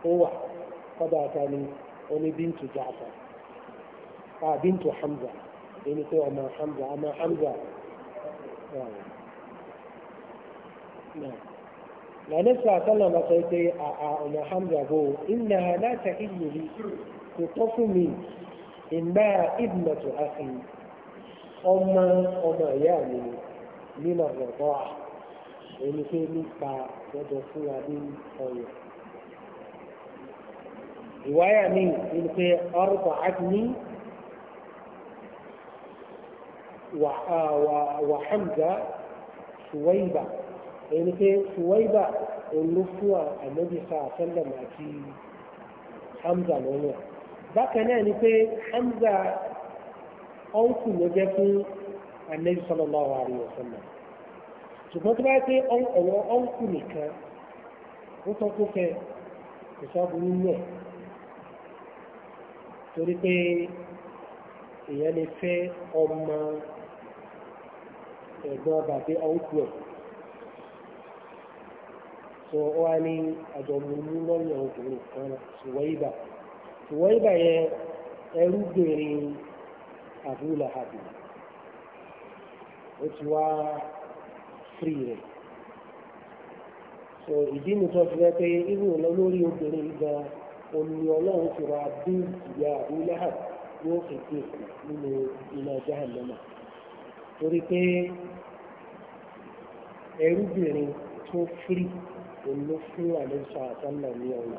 S1: ó wà ọba àtàní oní bíntù Ja'far à bíntù Hamza èyí pé ọmọ Hamza ọmọ Hamza náà لأنه صلى الله عليه وسلم أنا حمزة هو إنها لا تحل لي تطفمي إنها ابنة أخي أما أما يعني من الرضاعة èmi pé nípa gbọ́dọ̀ fún wa ní ọyọ. ìwáyà mi ni pé ọrùkọ àti ní wà hàmdà ṣùwẹ́ìbà èmi pé ṣùwẹ́ìbà òun fún ànábì sa àtẹlẹm àti hamza lọ́wọ́ bákan náà ni pé hamza ọ̀nkù ló jẹ́ fún ànábì sallallahu alaihi wasallam ṣùgbọ́n tó bá pé ọ̀rọ̀ ọ̀nkù nìkan ó tọ́ tó fẹ́ kò sábúrú náà torí pé èèyàn lè fẹ́ ọmọ ẹ̀gbọ́n bàbá ọ̀nkù ẹ̀ so ó wá ní àjọmọ̀mú lọ́yìn ọkùnrin kan ṣùgbọ́n ibà ṣùgbọ́n ibà yẹn ẹrú gbèrè àbúlà ó ti wá free rẹ̀ so ìdí mi tó fi pé irú olórí obìnrin gan omi ọlọ́run ti ra bí ìyá abúláhà yóò fi dé nínú iná jahannama torí pé ẹrúbìnrin tó free òun ló fún àlejò àtàlà ní ọ̀la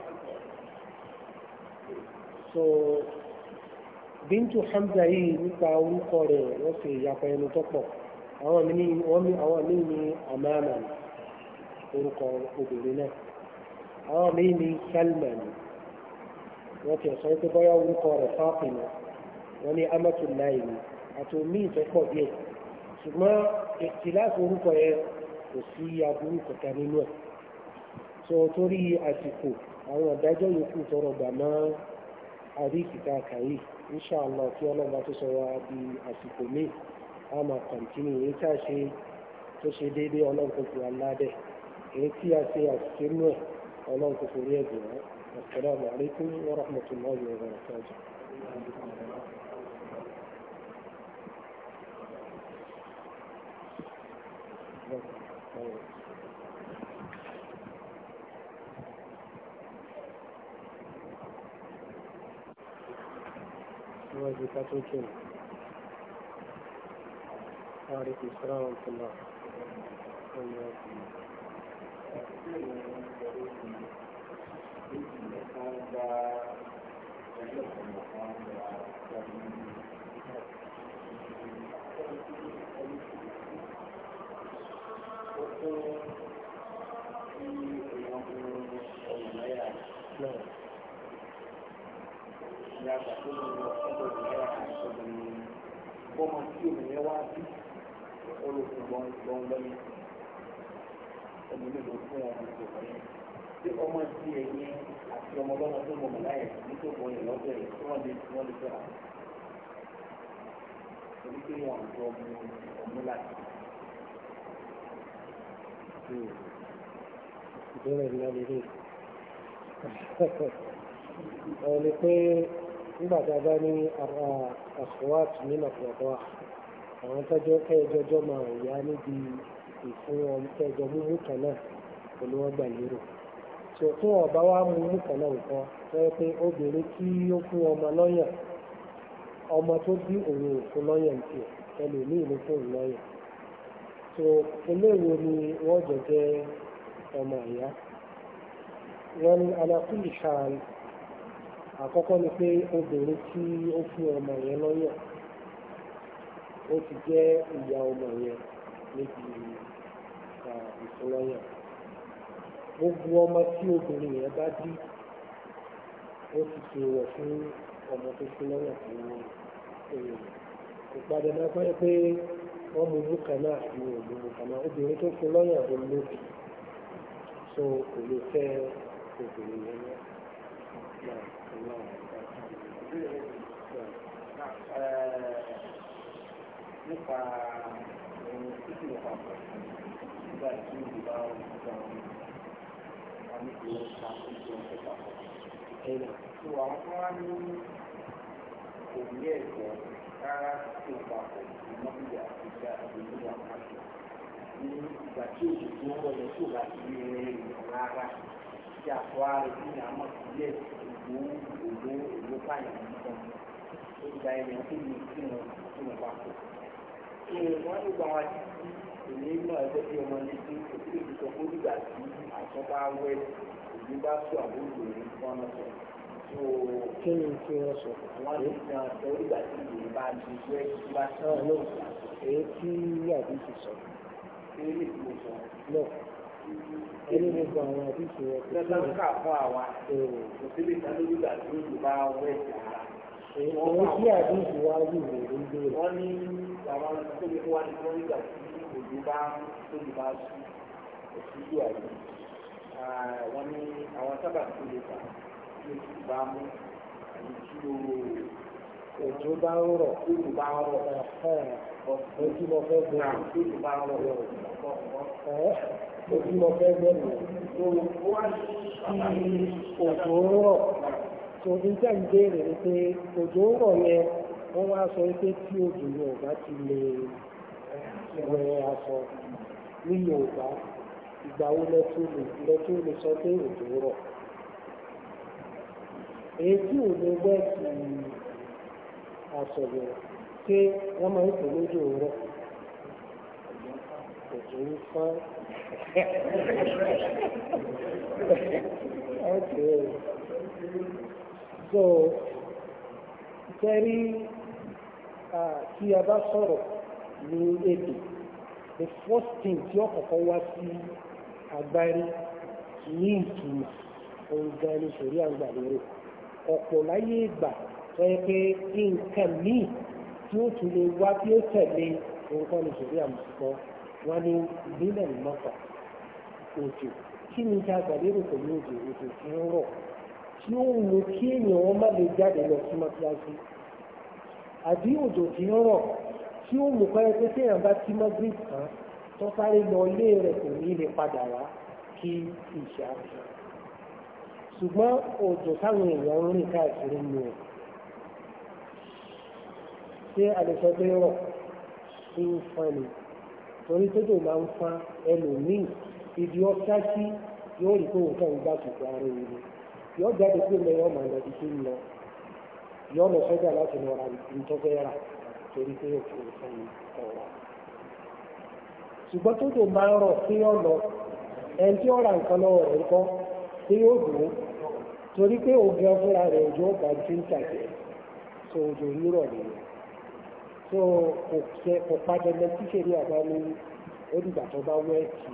S1: so bíntu hamza yìí nípa orúkọ rẹ̀ wọ́n fi ìyapa ẹnu tó pọ̀ àwọn mi ní wọ́n mi àwọn mi ní amama orúkọ obìnrin náà àwọn mi ní salman wọ́n ti sọ pé bọ́yá orúkọ rẹ̀ fáfìnà wọ́n ní amatullahi ni àti omi ìtọ́pọ̀ díẹ̀ ṣùgbọ́n ìtìláàfù orúkọ yẹn kò sí aburú kankan nínú ẹ̀ so torí àsìkò àwọn ìdájọ́ yòókù tọrọ gbà máa àríkìtà kàyé inṣàlá tí ọlọ́ba tó sọ wá di àsìkò míì a máa kọ̀ǹtínú èyí tá a ṣe tó ṣe déédéé ọlọ́run kò fi aládẹ èyí tí a ṣe àṣìṣẹ́nu ẹ̀ ọlọ́run kò fi rí ẹ̀jẹ̀ rẹ̀ assalamu alaikum wa rahmatullahi wa barakatuh. Thank you.
S2: وعليكم السلام ورحمة الله Yàtọ̀ tó ń lọ sọ́dọ̀ ìyá àti ọ̀dọ̀ ni, kó máa kí òmìnira wá sí olókùn gbọ̀ngbọ̀n ọmọ nílò fún ọmọ tó kọ yẹn tí ọmọ ti ẹ yẹn àti ọmọ lọ́nà tó mọ̀ láyé nítòkọ yẹn lọ́dọ̀ yẹn tí wọ́n lè tí wọ́n lè fẹ́ ra torí pé wọn àjọ ọmọ ọmọ láti.
S1: ìbéèrè ńlá lélẹ̀ ọ̀rọ̀ ni pé nígbà tí a bá ní àṣọwá tì nínú ọ̀pọ̀lọpọ̀ àṣọ. àwọn tọ́jọ́ tẹ́ẹ̀jọ́jọ́ máa ń yá níbi ìfún wọn tẹ́ẹ̀jọ́ múmú kan náà pẹ̀lú ọgbà lérò wa mú múmú kan náà nǹkan tó yẹ pé obìnrin tí ó fún ọmọ lọ́yàn ọmọ tó bí òun ò fún lọ́yàn ẹlòmíì ló fún ni wọ́n jẹ ọmọ ìyá wọn ní alákùnrin ṣáà àkọ́kọ́ ni pé obìnrin ọmọ yẹn ó ti jẹ́ ìyá ọmọ yẹn níbi ìfúnlọ́yàn gbogbo ọmọ tí obìnrin yẹn bá dí ó ti ṣe wọ̀ fún ọmọ tó fúnlọ́yàn fún èèyàn ìpàdé náà pẹ́ pé wọ́n mú orúkọ náà àti òòlù orúkọ náà obìnrin tó fúnlọ́yàn olóbì so kò lè fẹ́ obìnrin yẹn náà.
S2: Yeah nípa ohun tí kì í papọ̀ nígbà tí ìdìbò àwọn ìjọba wọn ní kí wọ́n ta ìjọ ìjọ papọ̀. ẹ̀yìn tó àwọn tó wá ní kò ní ẹ̀kọ́ rárá tó papọ̀ ìmọ̀ ìjà ìjà ìjọba àti ní ìgbà tí òjò tó ń wọlé tó láti rí ẹ̀rẹ́ rárá tí àpò ààrẹ tí ní àmọ́ sílẹ̀ ìgbó ògbó ògbó pààyàn nìkan. ó ẹ̀yìn tó ní kí wọ́n tó wọn papọ̀ wọ́n ní gbàgbà tí èmi náà ẹgbẹ́ tí ọmọ ní ti òkú èdè sọ fún ìgbà tí àṣọ bá wẹ̀ èmi bá sọ àwọn ìròyìn fọ́nà sọ. kí ni kí wọ́n sọ? wọ́n ní ìgbà sọ ìgbà tí èmi bá ti wẹ̀ bá sọ náà. èyí tí yàrá ti sọ. èyí ni mo sọ. náà ẹni ní gbọ́ àwọn àdìsí wọn. tẹ́tẹ́ ń kà fún àwa. kò sí lè ta lórí ìgbà tí òjò bá wẹ̀ dáa òun tí àdéhùn wa yìí rè é gbé. wọ́n ní àwọn tóbi fún wa ní wọ́n nígbà tí òjò bá tóbi bá sùn òsì yìí àyè wọ́n ní àwọn sábà tó lè fà ní oṣù bá mú àyè tí ó òjò bá ń rọ̀ òjò bá ń rọ̀ ojú mo fẹ́ gbé òjò bá ń rọ̀ ojú mo fẹ́ gbé
S1: mi. òjò rọ̀ tó jẹ́ ń béèrè ni òjò ń rọ̀ yẹn wọ́n wá sọ pé tí òjò yẹn ò ti lè wẹ aṣọ nílò ọ̀gá ìgbà wo lẹ́tú lè sọ pé òjò rọ̀ èyí tí ò lè wẹ́ sí aṣọ yẹn pé wọ́n máa ń pè lójú rẹ̀
S2: òjò ń fọ́n ọ̀kẹ́ so
S1: sẹ́rí uh, tí a bá sọ̀rọ̀ ní the first thing tí ó wá sí ní ìtumọ̀ ni ọ̀pọ̀ láyé ìgbà tó yẹ pé nǹkan míì tí ó tún lè wá ó tẹ̀lé ohun kan wọn ni mọ́fà tí ó mú kí èèyàn wọn má lè jáde lọ sí mọ́tíláṣí àbí òjò tí ń rọ̀ tí ó mú pẹ́rẹ́ tí kan tó sáré lọ ilé rẹ̀ kò ní lè padà wá kí ìṣe àṣà ṣùgbọ́n òjò táwọn èèyàn ń rìn káàkiri ṣé ń fọn ni torí tó máa ń yọ jáde pé mẹ yọ màá lọbi tó ń lọ yọ lọ sọjà láti lọ ra ntọ́fẹ́ rà torí pé o kò fún mi ọ̀rọ̀ ṣùgbọ́n tó tó máa ń rọ̀ pé yọ lọ ẹni tí ó ra nǹkan lọ́wọ́ rẹ̀ kọ́ pé yóò dùn ó torí pé òun gan rẹ̀ òjò ọgbà ju ń tàjẹ́ so òjò rírọ̀ nìyẹn so kò pàdé lọ tíṣe ní àbá ní ó dìgbà tó bá wẹ́ẹ̀kì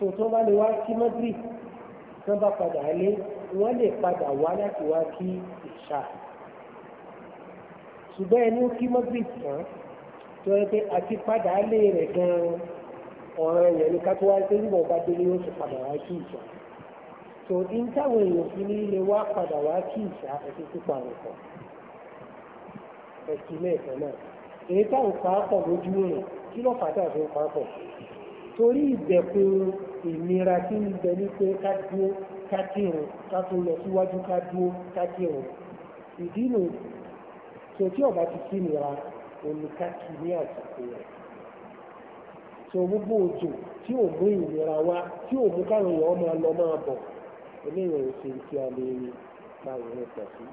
S1: so tó bá lè wá kí madrid tó bá padà lé wọ́n lè padà wá láti wá kí ìṣá ṣùgbọ́n ẹni ó kí madrid tán tó yẹ pé àti padà lé rẹ̀ gan-an ọ̀ràn yẹn ni ká wá pé nígbà ọba délé yóò ṣe padà wá kí ìṣá so ní táwọn èèyàn fi ní lè wá padà wá kí ìṣá ẹ̀sìn pípa rẹ̀ kan ẹ̀sìn lẹ́ẹ̀kan náà èyí táwọn pàápọ̀ lójú rẹ̀ kí lọ́ọ̀fà táwọn fi ń pàápọ̀ sí i torí ìdẹ̀kùn ìnira tí ń bẹ ní pé ká dúó ká kírun ká tó lọ síwájú ká dúó ká kírun ìdí nù tó tí ọba ti sí nira òní ká kí ní àsìkò rẹ̀ tó gbogbo òjò tí ò mú ìnira wá tí ò mú káwọn èèyàn máa lọ máa bọ̀ eléyìí ò ṣe ti a lè rí káwọn èèyàn pọ̀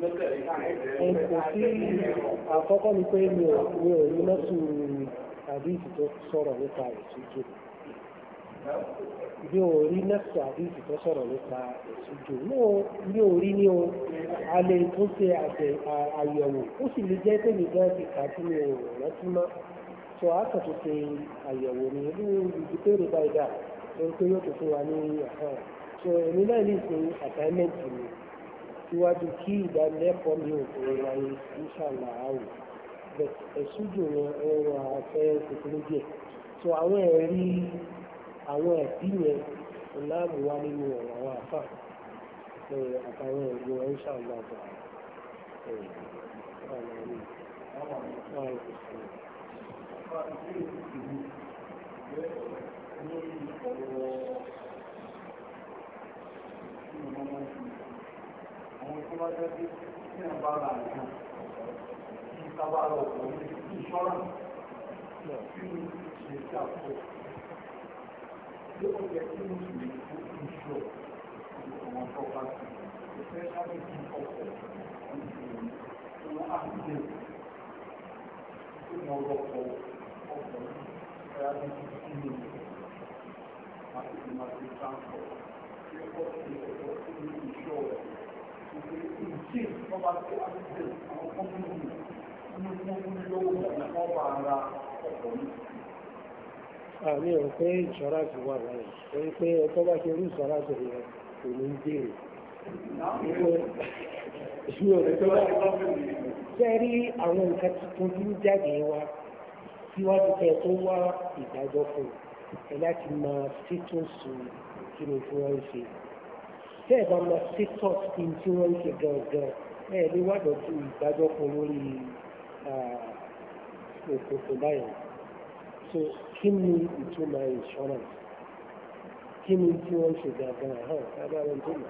S2: kò sí àkọ́kọ́ ni pé mi ò
S1: mi ò ní lọ́sùn àdíìsì tó sọ̀rọ̀ nípa ìṣújú mi ò rí lọ́sùn àdíìsì tó sọ̀rọ̀ nípa ìṣújú mi ò rí ní o a lè tún ṣe àyẹ̀wò ó sì lè jẹ́ pé mi gan ti kà sí mi ò rántí mọ́ sọ àkàtò ṣe àyẹ̀wò ní ìlú ìdíkéré báyìí dà lórí pé yóò tó fún wa ní àhán so èmi náà ní ìsìn àtàmẹ́ǹtì mi síwájú kí ìdánilẹ́kọ̀ọ́ mi ò tó wáyé níṣàlá àwò ẹ̀sùjò yẹn ẹ̀rọ àfẹ́ kékeré díẹ̀ so àwọn ẹ̀rí àwọn ẹ̀bí yẹn láàbù
S2: wá nínú ọ̀rọ̀ àwọn àfà àtàwọn ẹ̀rí wọn níṣàlá àbọ̀ Thank àwọn tó bá jẹ́ tí wọ́n bá ra nǹkan kí sábà lọ pọ̀ ní ìṣọ́ràn kí ni ṣe sí àpò yóò jẹ́ kí ni ṣe kó ìṣọ́ àwọn tó bá ti ṣe ṣáàbì kí ọkọ̀ tó wọ́n á ti dé tí wọ́n rọpò ọkọ̀ ẹ̀yà bí kí ni àti ìmọ̀ àti transport kí ọkọ̀ tó ń ṣọ́ ọkọ̀
S1: àmì ò pé ìṣọ́ráṣì wà láyé torí pé ẹ̀tọ́ bá ṣe rú ìṣọ́ráṣì rẹ̀ kò ní bèèrè Sẹ́rí àwọn nǹkan tuntun tí ń jáde wá síwájú kẹ tó wá ìdájọ́ fún ẹ láti máa títún sùn kí ni fún wọn ṣe tẹ́ ẹ̀ bá lọ status kí n tí wọ́n ń ṣe gangan ẹ̀ ní wàdọ̀ ju ìdájọ́ kan lórí òkòkò báyìí so kí ni ìtumọ̀ insurance kí ni tí wọ́n ń ṣe gangan hàn lábẹ́ àwọn tó lù.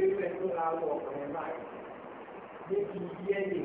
S2: ìgbésẹ̀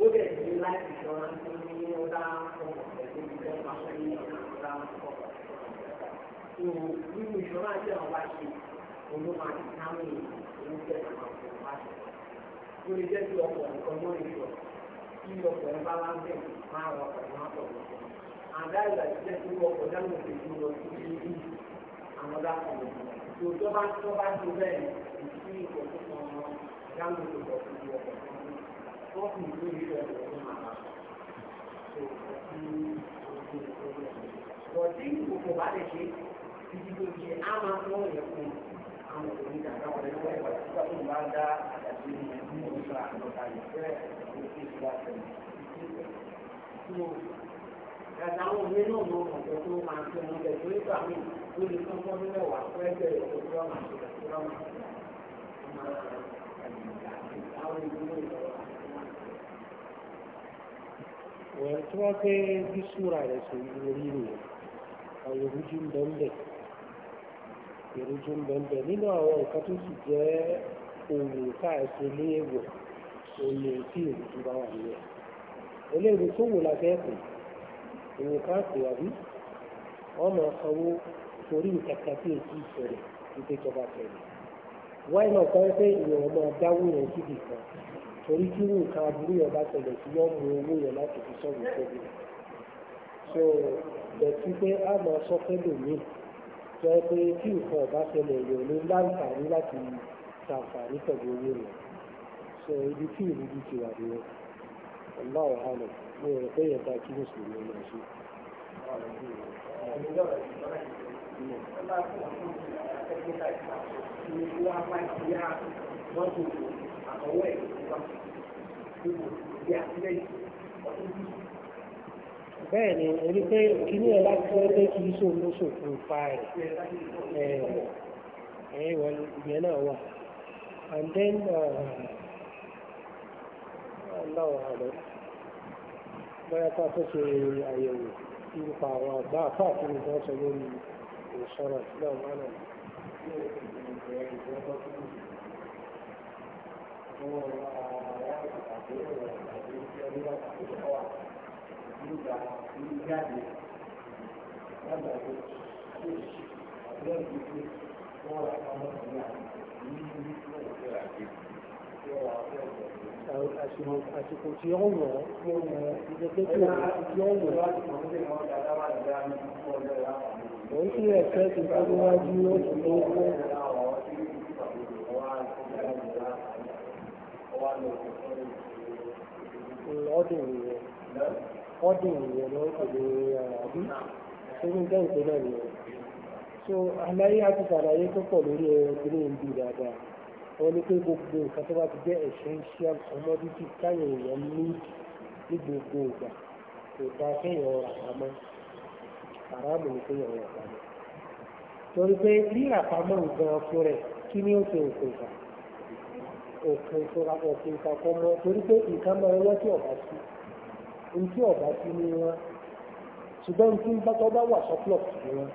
S2: ó dẹ̀ láti sọ wọn tó ní ọ̀dà ọkọ̀ pẹ̀lú ìjọ pàṣẹ ní ọ̀dà ọkọ̀. tó nínú ìṣọ́ra àti àwọn bá ṣe olóma ti sáwọn èèyàn ló jẹ́ àwọn ọkọ̀ bá ṣe. ó lè jẹ́ kí ọkọ̀ nǹkan mọ́ ìṣọ̀ kí ọkọ̀ ẹ bá wá bẹ̀ máa rọ ọkọ̀ máa pọ̀ lọ́kọ̀. àdá ìgbà tí jẹ́ kí ọkọ̀ dáhùn òṣèlú lọ sí ilé àwọn dákọ̀ lọ́kọ̀. tó bá tó bá tó bẹ́ẹ̀ ní ìṣ bọ̀dí kòkò bá lè ṣe títí tó ṣe á máa fún ọ̀yẹ̀ fún àwọn òbí dàgbà wọn ní wọ́n ìwà tí bá ń dá àdàtì ní ìlú ìlú àgbọ̀ta yìí fẹ́ òkú ìṣúra tẹ̀lé. Gàdá àwọn òbí náà mọ ọ̀pọ̀ tó máa fi ọmọ bẹ̀ torí pé àmì ó lè fún fọ́n nílẹ̀ wà fún ẹgbẹ́ ìṣòro máa máa ṣe. Àwọn
S1: wọ́n tí wọ́n fẹ́ bí súra rẹ̀ sí orí nìyẹn àwọn ìrújú ń bẹ ń bẹ ìrújú ń bẹ ń bẹ nínú àwọn nǹkan tó sì jẹ́ òwò káàkiri ní èèwọ̀ òye tí ìrújú bá wà nílẹ̀ eléyìí tó wò la fẹ́ pè òwò káàkiri àbí ọmọ sanwó torí nǹkan kan tí èyí ìṣẹ̀lẹ̀ ìgbéjọba ṣẹlẹ̀ wáyé náà kọ́ pé ìwọ̀n ọmọ dáwó yẹn síbi kan torí kí ní nǹkan aburú yẹn bá tẹ̀lẹ̀ sí yọ́ mú owó yẹn láti fi sọ̀rọ̀ ìṣẹ́bí so bẹ̀tí pé a máa sọ fẹ́lẹ̀ mí jẹ́ pé kí nǹkan ọ̀bá tẹ̀lẹ̀ yẹn ní láǹfààní láti ṣàǹfààní pẹ̀lú owó yẹn so ibi tí ìlú ti ti wà nìyẹn ọ̀la ọ̀hánà mo rò pé yẹn ta kí mùsùlùmí
S2: ọmọ ẹ̀ṣẹ́. Thank you àtọwọ́ ẹ̀ wá gbogbo ìdí àtìlẹ́yìn ọdún bí.
S1: bẹ́ẹ̀ ni orí pé kíní ẹ̀ láti fẹ́ pé kì í ṣòro ṣòkùnfà
S2: ẹ̀
S1: ẹ̀ wọ́n ìyẹn náà wà and then aláwọ̀ uh, àlọ́ bóyá ká tó ṣe àyẹ̀wò nípa àwọn àgbà àfà àti nǹkan sọ lórí ìṣọ́ra sílẹ̀ ọ̀gá
S2: náà àsìkò
S1: tí ó wọ̀ ìjẹ́ pé kí ó
S2: wọ̀ òun sí ẹ̀fẹ́ ti fẹ́ níwájú ó sì tó ọdún
S1: ìyẹn ọdún ìyẹn ló ń pèlè àbí sórí nǹkan ìpínlẹ̀ nìyẹn so àlàyé dị sàlàyé tó pọ̀ lórí ẹgbẹ́ ìbí dáadáa wọn ni pé gbogbo nǹkan tó bá ti jẹ́ essential commodity òkè ìṣura òkè ìṣàkọmọ torí pé nǹkan máa ń wá sí ọ̀bá sí ní tí ọ̀bá sí ní wọn ṣùgbọ́n tí ń bá tọ́ bá wà surplus ní wọn.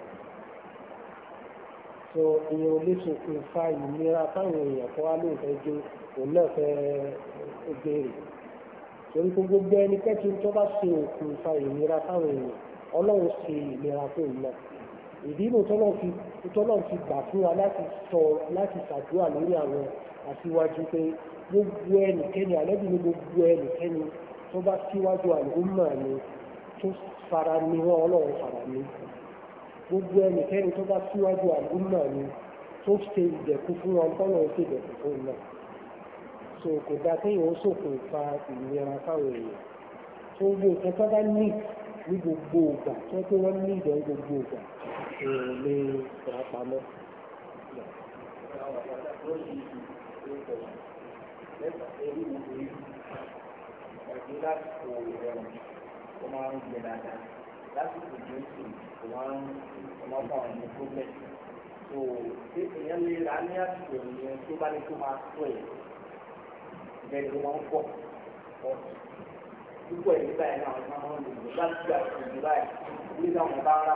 S1: so èèyàn ò lè ṣokùnfà ìnira táwọn èèyàn kan á lè fẹ́ gbé òun náà fẹ́ béèrè torí pé gbogbo ẹni kẹ́tù tó bá ṣe òkùnfà ìnira táwọn èèyàn ọlọ́run ṣe ìnira fún ìlú náà ìdí inú tọ́lọ́ fi gbà fún wa láti sọ láti ṣàdúrà lórí àwọn àtiwájú pé gbogbo ẹnikẹ́ni àlẹ́bí ní gbogbo ẹnikẹ́ni tó bá síwájú àlùmọ̀ ni tó fara ní wọn ọlọ́run fara ní gbogbo ẹnikẹ́ni tó bá síwájú àlùmọ̀ ni tó ṣe ìdẹ̀kú fún wọn tọ́lọ́run ṣe ìdẹ̀kú fún wọn so kò dáa kéèyàn ó ṣòkùnfà ìlera fáwọn èèyàn tó gbé nǹkan tó bá ní ní gbogbo ìgbà tó pé wọ́n ní ìdọ̀ gbogbo ìgbà èèyàn lè rà pamọ́
S2: ẹ̀sìn lásìkò ìrọ̀rùn ó máa ń gbẹ dáadáa lásìkò jésù ó máa ń ọmọ fún àwọn ọmọ tó bẹ̀. tó ṣé èèyàn lè ra ní àsìkò ìrìn tó bá ní tó máa tó ẹ̀ bẹ́ẹ̀ ló máa ń pọ̀ pọ̀ púpọ̀ ẹ̀ nígbà yẹn àwọn ọmọ máa ń lò láti gbà ìgbà yẹn nígbà wọn bá rà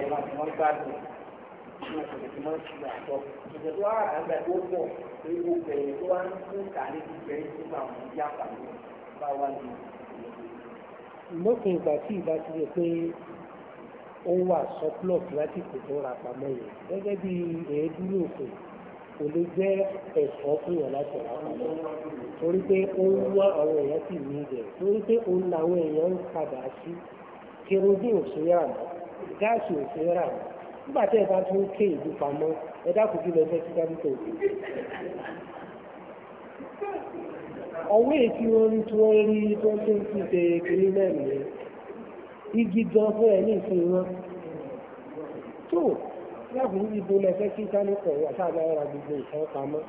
S2: ẹ̀ máa ń gbádùn tí o kò lè fi máa ń ṣe àtọ ìṣẹ̀lẹ̀ tó ara rẹ̀ ó pọ̀ pé o bẹ̀rẹ̀ tó wá ń fún kàrí ìgbẹ́ tó máa mú yá pàdé bá wà ní
S1: lópin ìgbà tí ìbá ti yẹ pé ó wà surplus lásìkò tó ra pamọ́ yẹn gẹ́gẹ́ bí èédú lòkè kò lè jẹ́ ẹ̀fọ́ fún yàn láti ra pamọ́ torí pé ó ń wá àwọn èèyàn sì ní ibẹ̀ torí pé òun làwọn èèyàn ń padà sí kerosene ò ṣe rà mọ́ gáàsì ò ṣe rà mọ́ nígbà tí ẹ bá tún ké ìlú pamọ́ ẹ dákun kí lọ fẹ́ sí dábìtò òkè. ọ̀wé tí wọ́n rí tí wọ́n rí tí wọ́n tún ti ṣe kiri náà nìyẹn igi gan fún ẹ ní ìfún wọn. tó láàbùrú ibo lẹ fẹ́ kí sánúkọ̀ wà sáàbà ara gbogbo ìtàn pamọ́.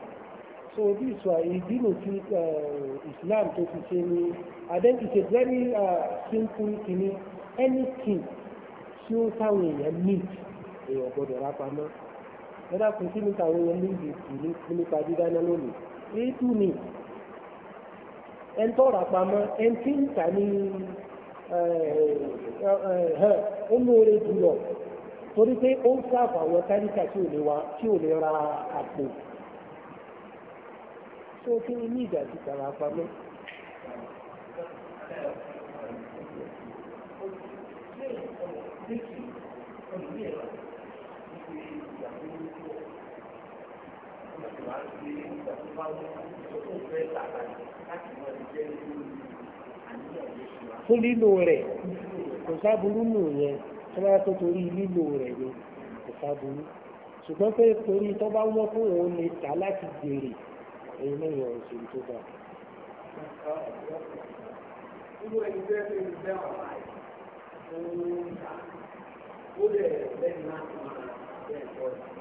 S1: so bí ìsọ ìdí nù tí Islam tó ti ṣe ní adé ti ṣe very uh, simple kìíní anything tí ó táwọn èèyàn need èèyàn gbọ́dọ̀ rà pamọ́ ẹ dákun kí nípa àwọn èèyàn lóde sí nípa dídáná lónìí ètò ni ẹni tó rà pamọ́ ẹni tí ń tà ní ó lóore jùlọ torí pé ó ń sáàbù àwọn táríkà tí ò lè wá tí ò lè ra àpò tó kí ní ìgbà
S2: tí kàrà pamọ́. fún lílo rẹ̀
S1: kò sáburú nù yẹn tó bá tó torí lílo rẹ̀ ni kò sáburú ṣùgbọ́n pé torí tó bá wọ́n fún òun lè tà láti gbèrè èyí lẹ́yìn ọ̀sẹ̀ tó bá.
S2: ó ń ta, ó láti máa bẹ́ẹ̀ bọ́ọ̀lù.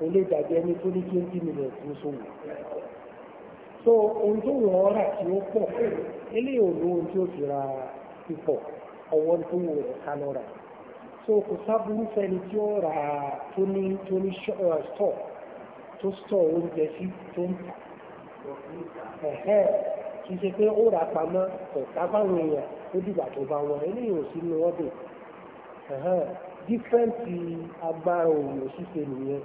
S1: kò lè dàbí ẹni tó ní twenty million fún sóhùn so ohun tó wọ́n rà tí ó pọ̀ eléyìí ò lóhun tí ó ti ra pípọ̀ ọwọ́ tó wọ̀ rẹ̀ ká lọ rà so kò sábúrú fẹ́ni tí ó rà tó ní tó ní uh, stọ̀ tó stọ̀ oúnjẹ sí tó ń tà ẹ̀hẹ́ kì í ṣe pé ó rà pamọ́ ọ̀tá báwọn èèyàn ó dìgbà tó bá wọn eléyìí ò sí ní ọdún dífẹ́ǹtì agbára òun ò ṣíṣe nìyẹn.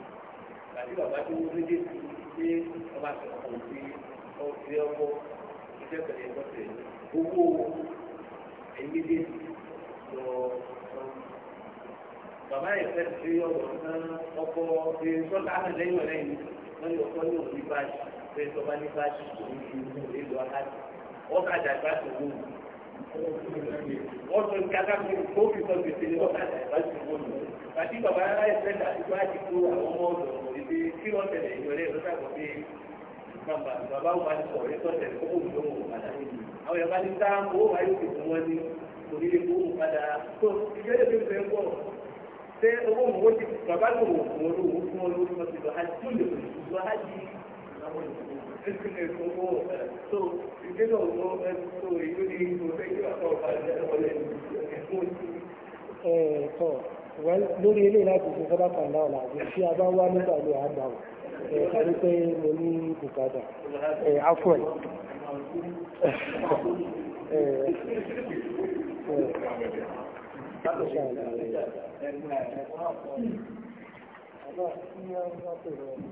S2: àti bàbá tó wọ́n lédè sí pé ọba sọ̀rọ̀ sí ọ̀sẹ̀ ọkọ iṣẹ́ pẹ̀lú ẹ̀kọ́ tẹ̀ owó ẹ̀yẹ́dẹ́ lọ bàbá yẹn fẹ́ ṣe ọ̀rọ̀ náà ọkọ ìṣọ́lá lẹ́yìn ọ̀rẹ́ yìí wọ́n yọ ọkọ ní òní báyìí fẹ́ sọ́ba ní báyìí òní ìlú ìlú ọ̀hádì ọ̀kadà gbàgbọ́ wọ́n tún kára fún kó fi sọ gbèsè ní wọ́n láti láti wọ́n lò. Bàtí bàbá ará ẹ̀fẹ́ láti wá ti kó àwọn ọmọ ọ̀dọ̀ ìdí kí wọ́n tẹ̀lé ìrọ̀lẹ́ lọ́sàkọ̀ pé bàbá bàbá wọn ti sọ̀rọ̀ ẹ̀tọ́ tẹ̀lé kó wù lọ́wọ́ padà. Àwọn Yorùbá ti sá owó wa yóò fún wọn ní onílé kó wù padà. Tó ìgbésẹ̀ tó fẹ́ wọ̀ ṣé owó mọ̀ wọ́n ti bàbá lò wò fún olówó fún olówó So you get on board and so you need to take your account
S1: and wọ́n lórí ilé láti ṣe sọ́dá kàndá ọ̀la àti tí a bá wá nígbà lè àgbà ọ̀ ẹ̀ẹ́dí pé mo ní bùkátà ẹ̀ afọ́
S2: ẹ̀
S3: ẹ̀ẹ́ ẹ̀ẹ́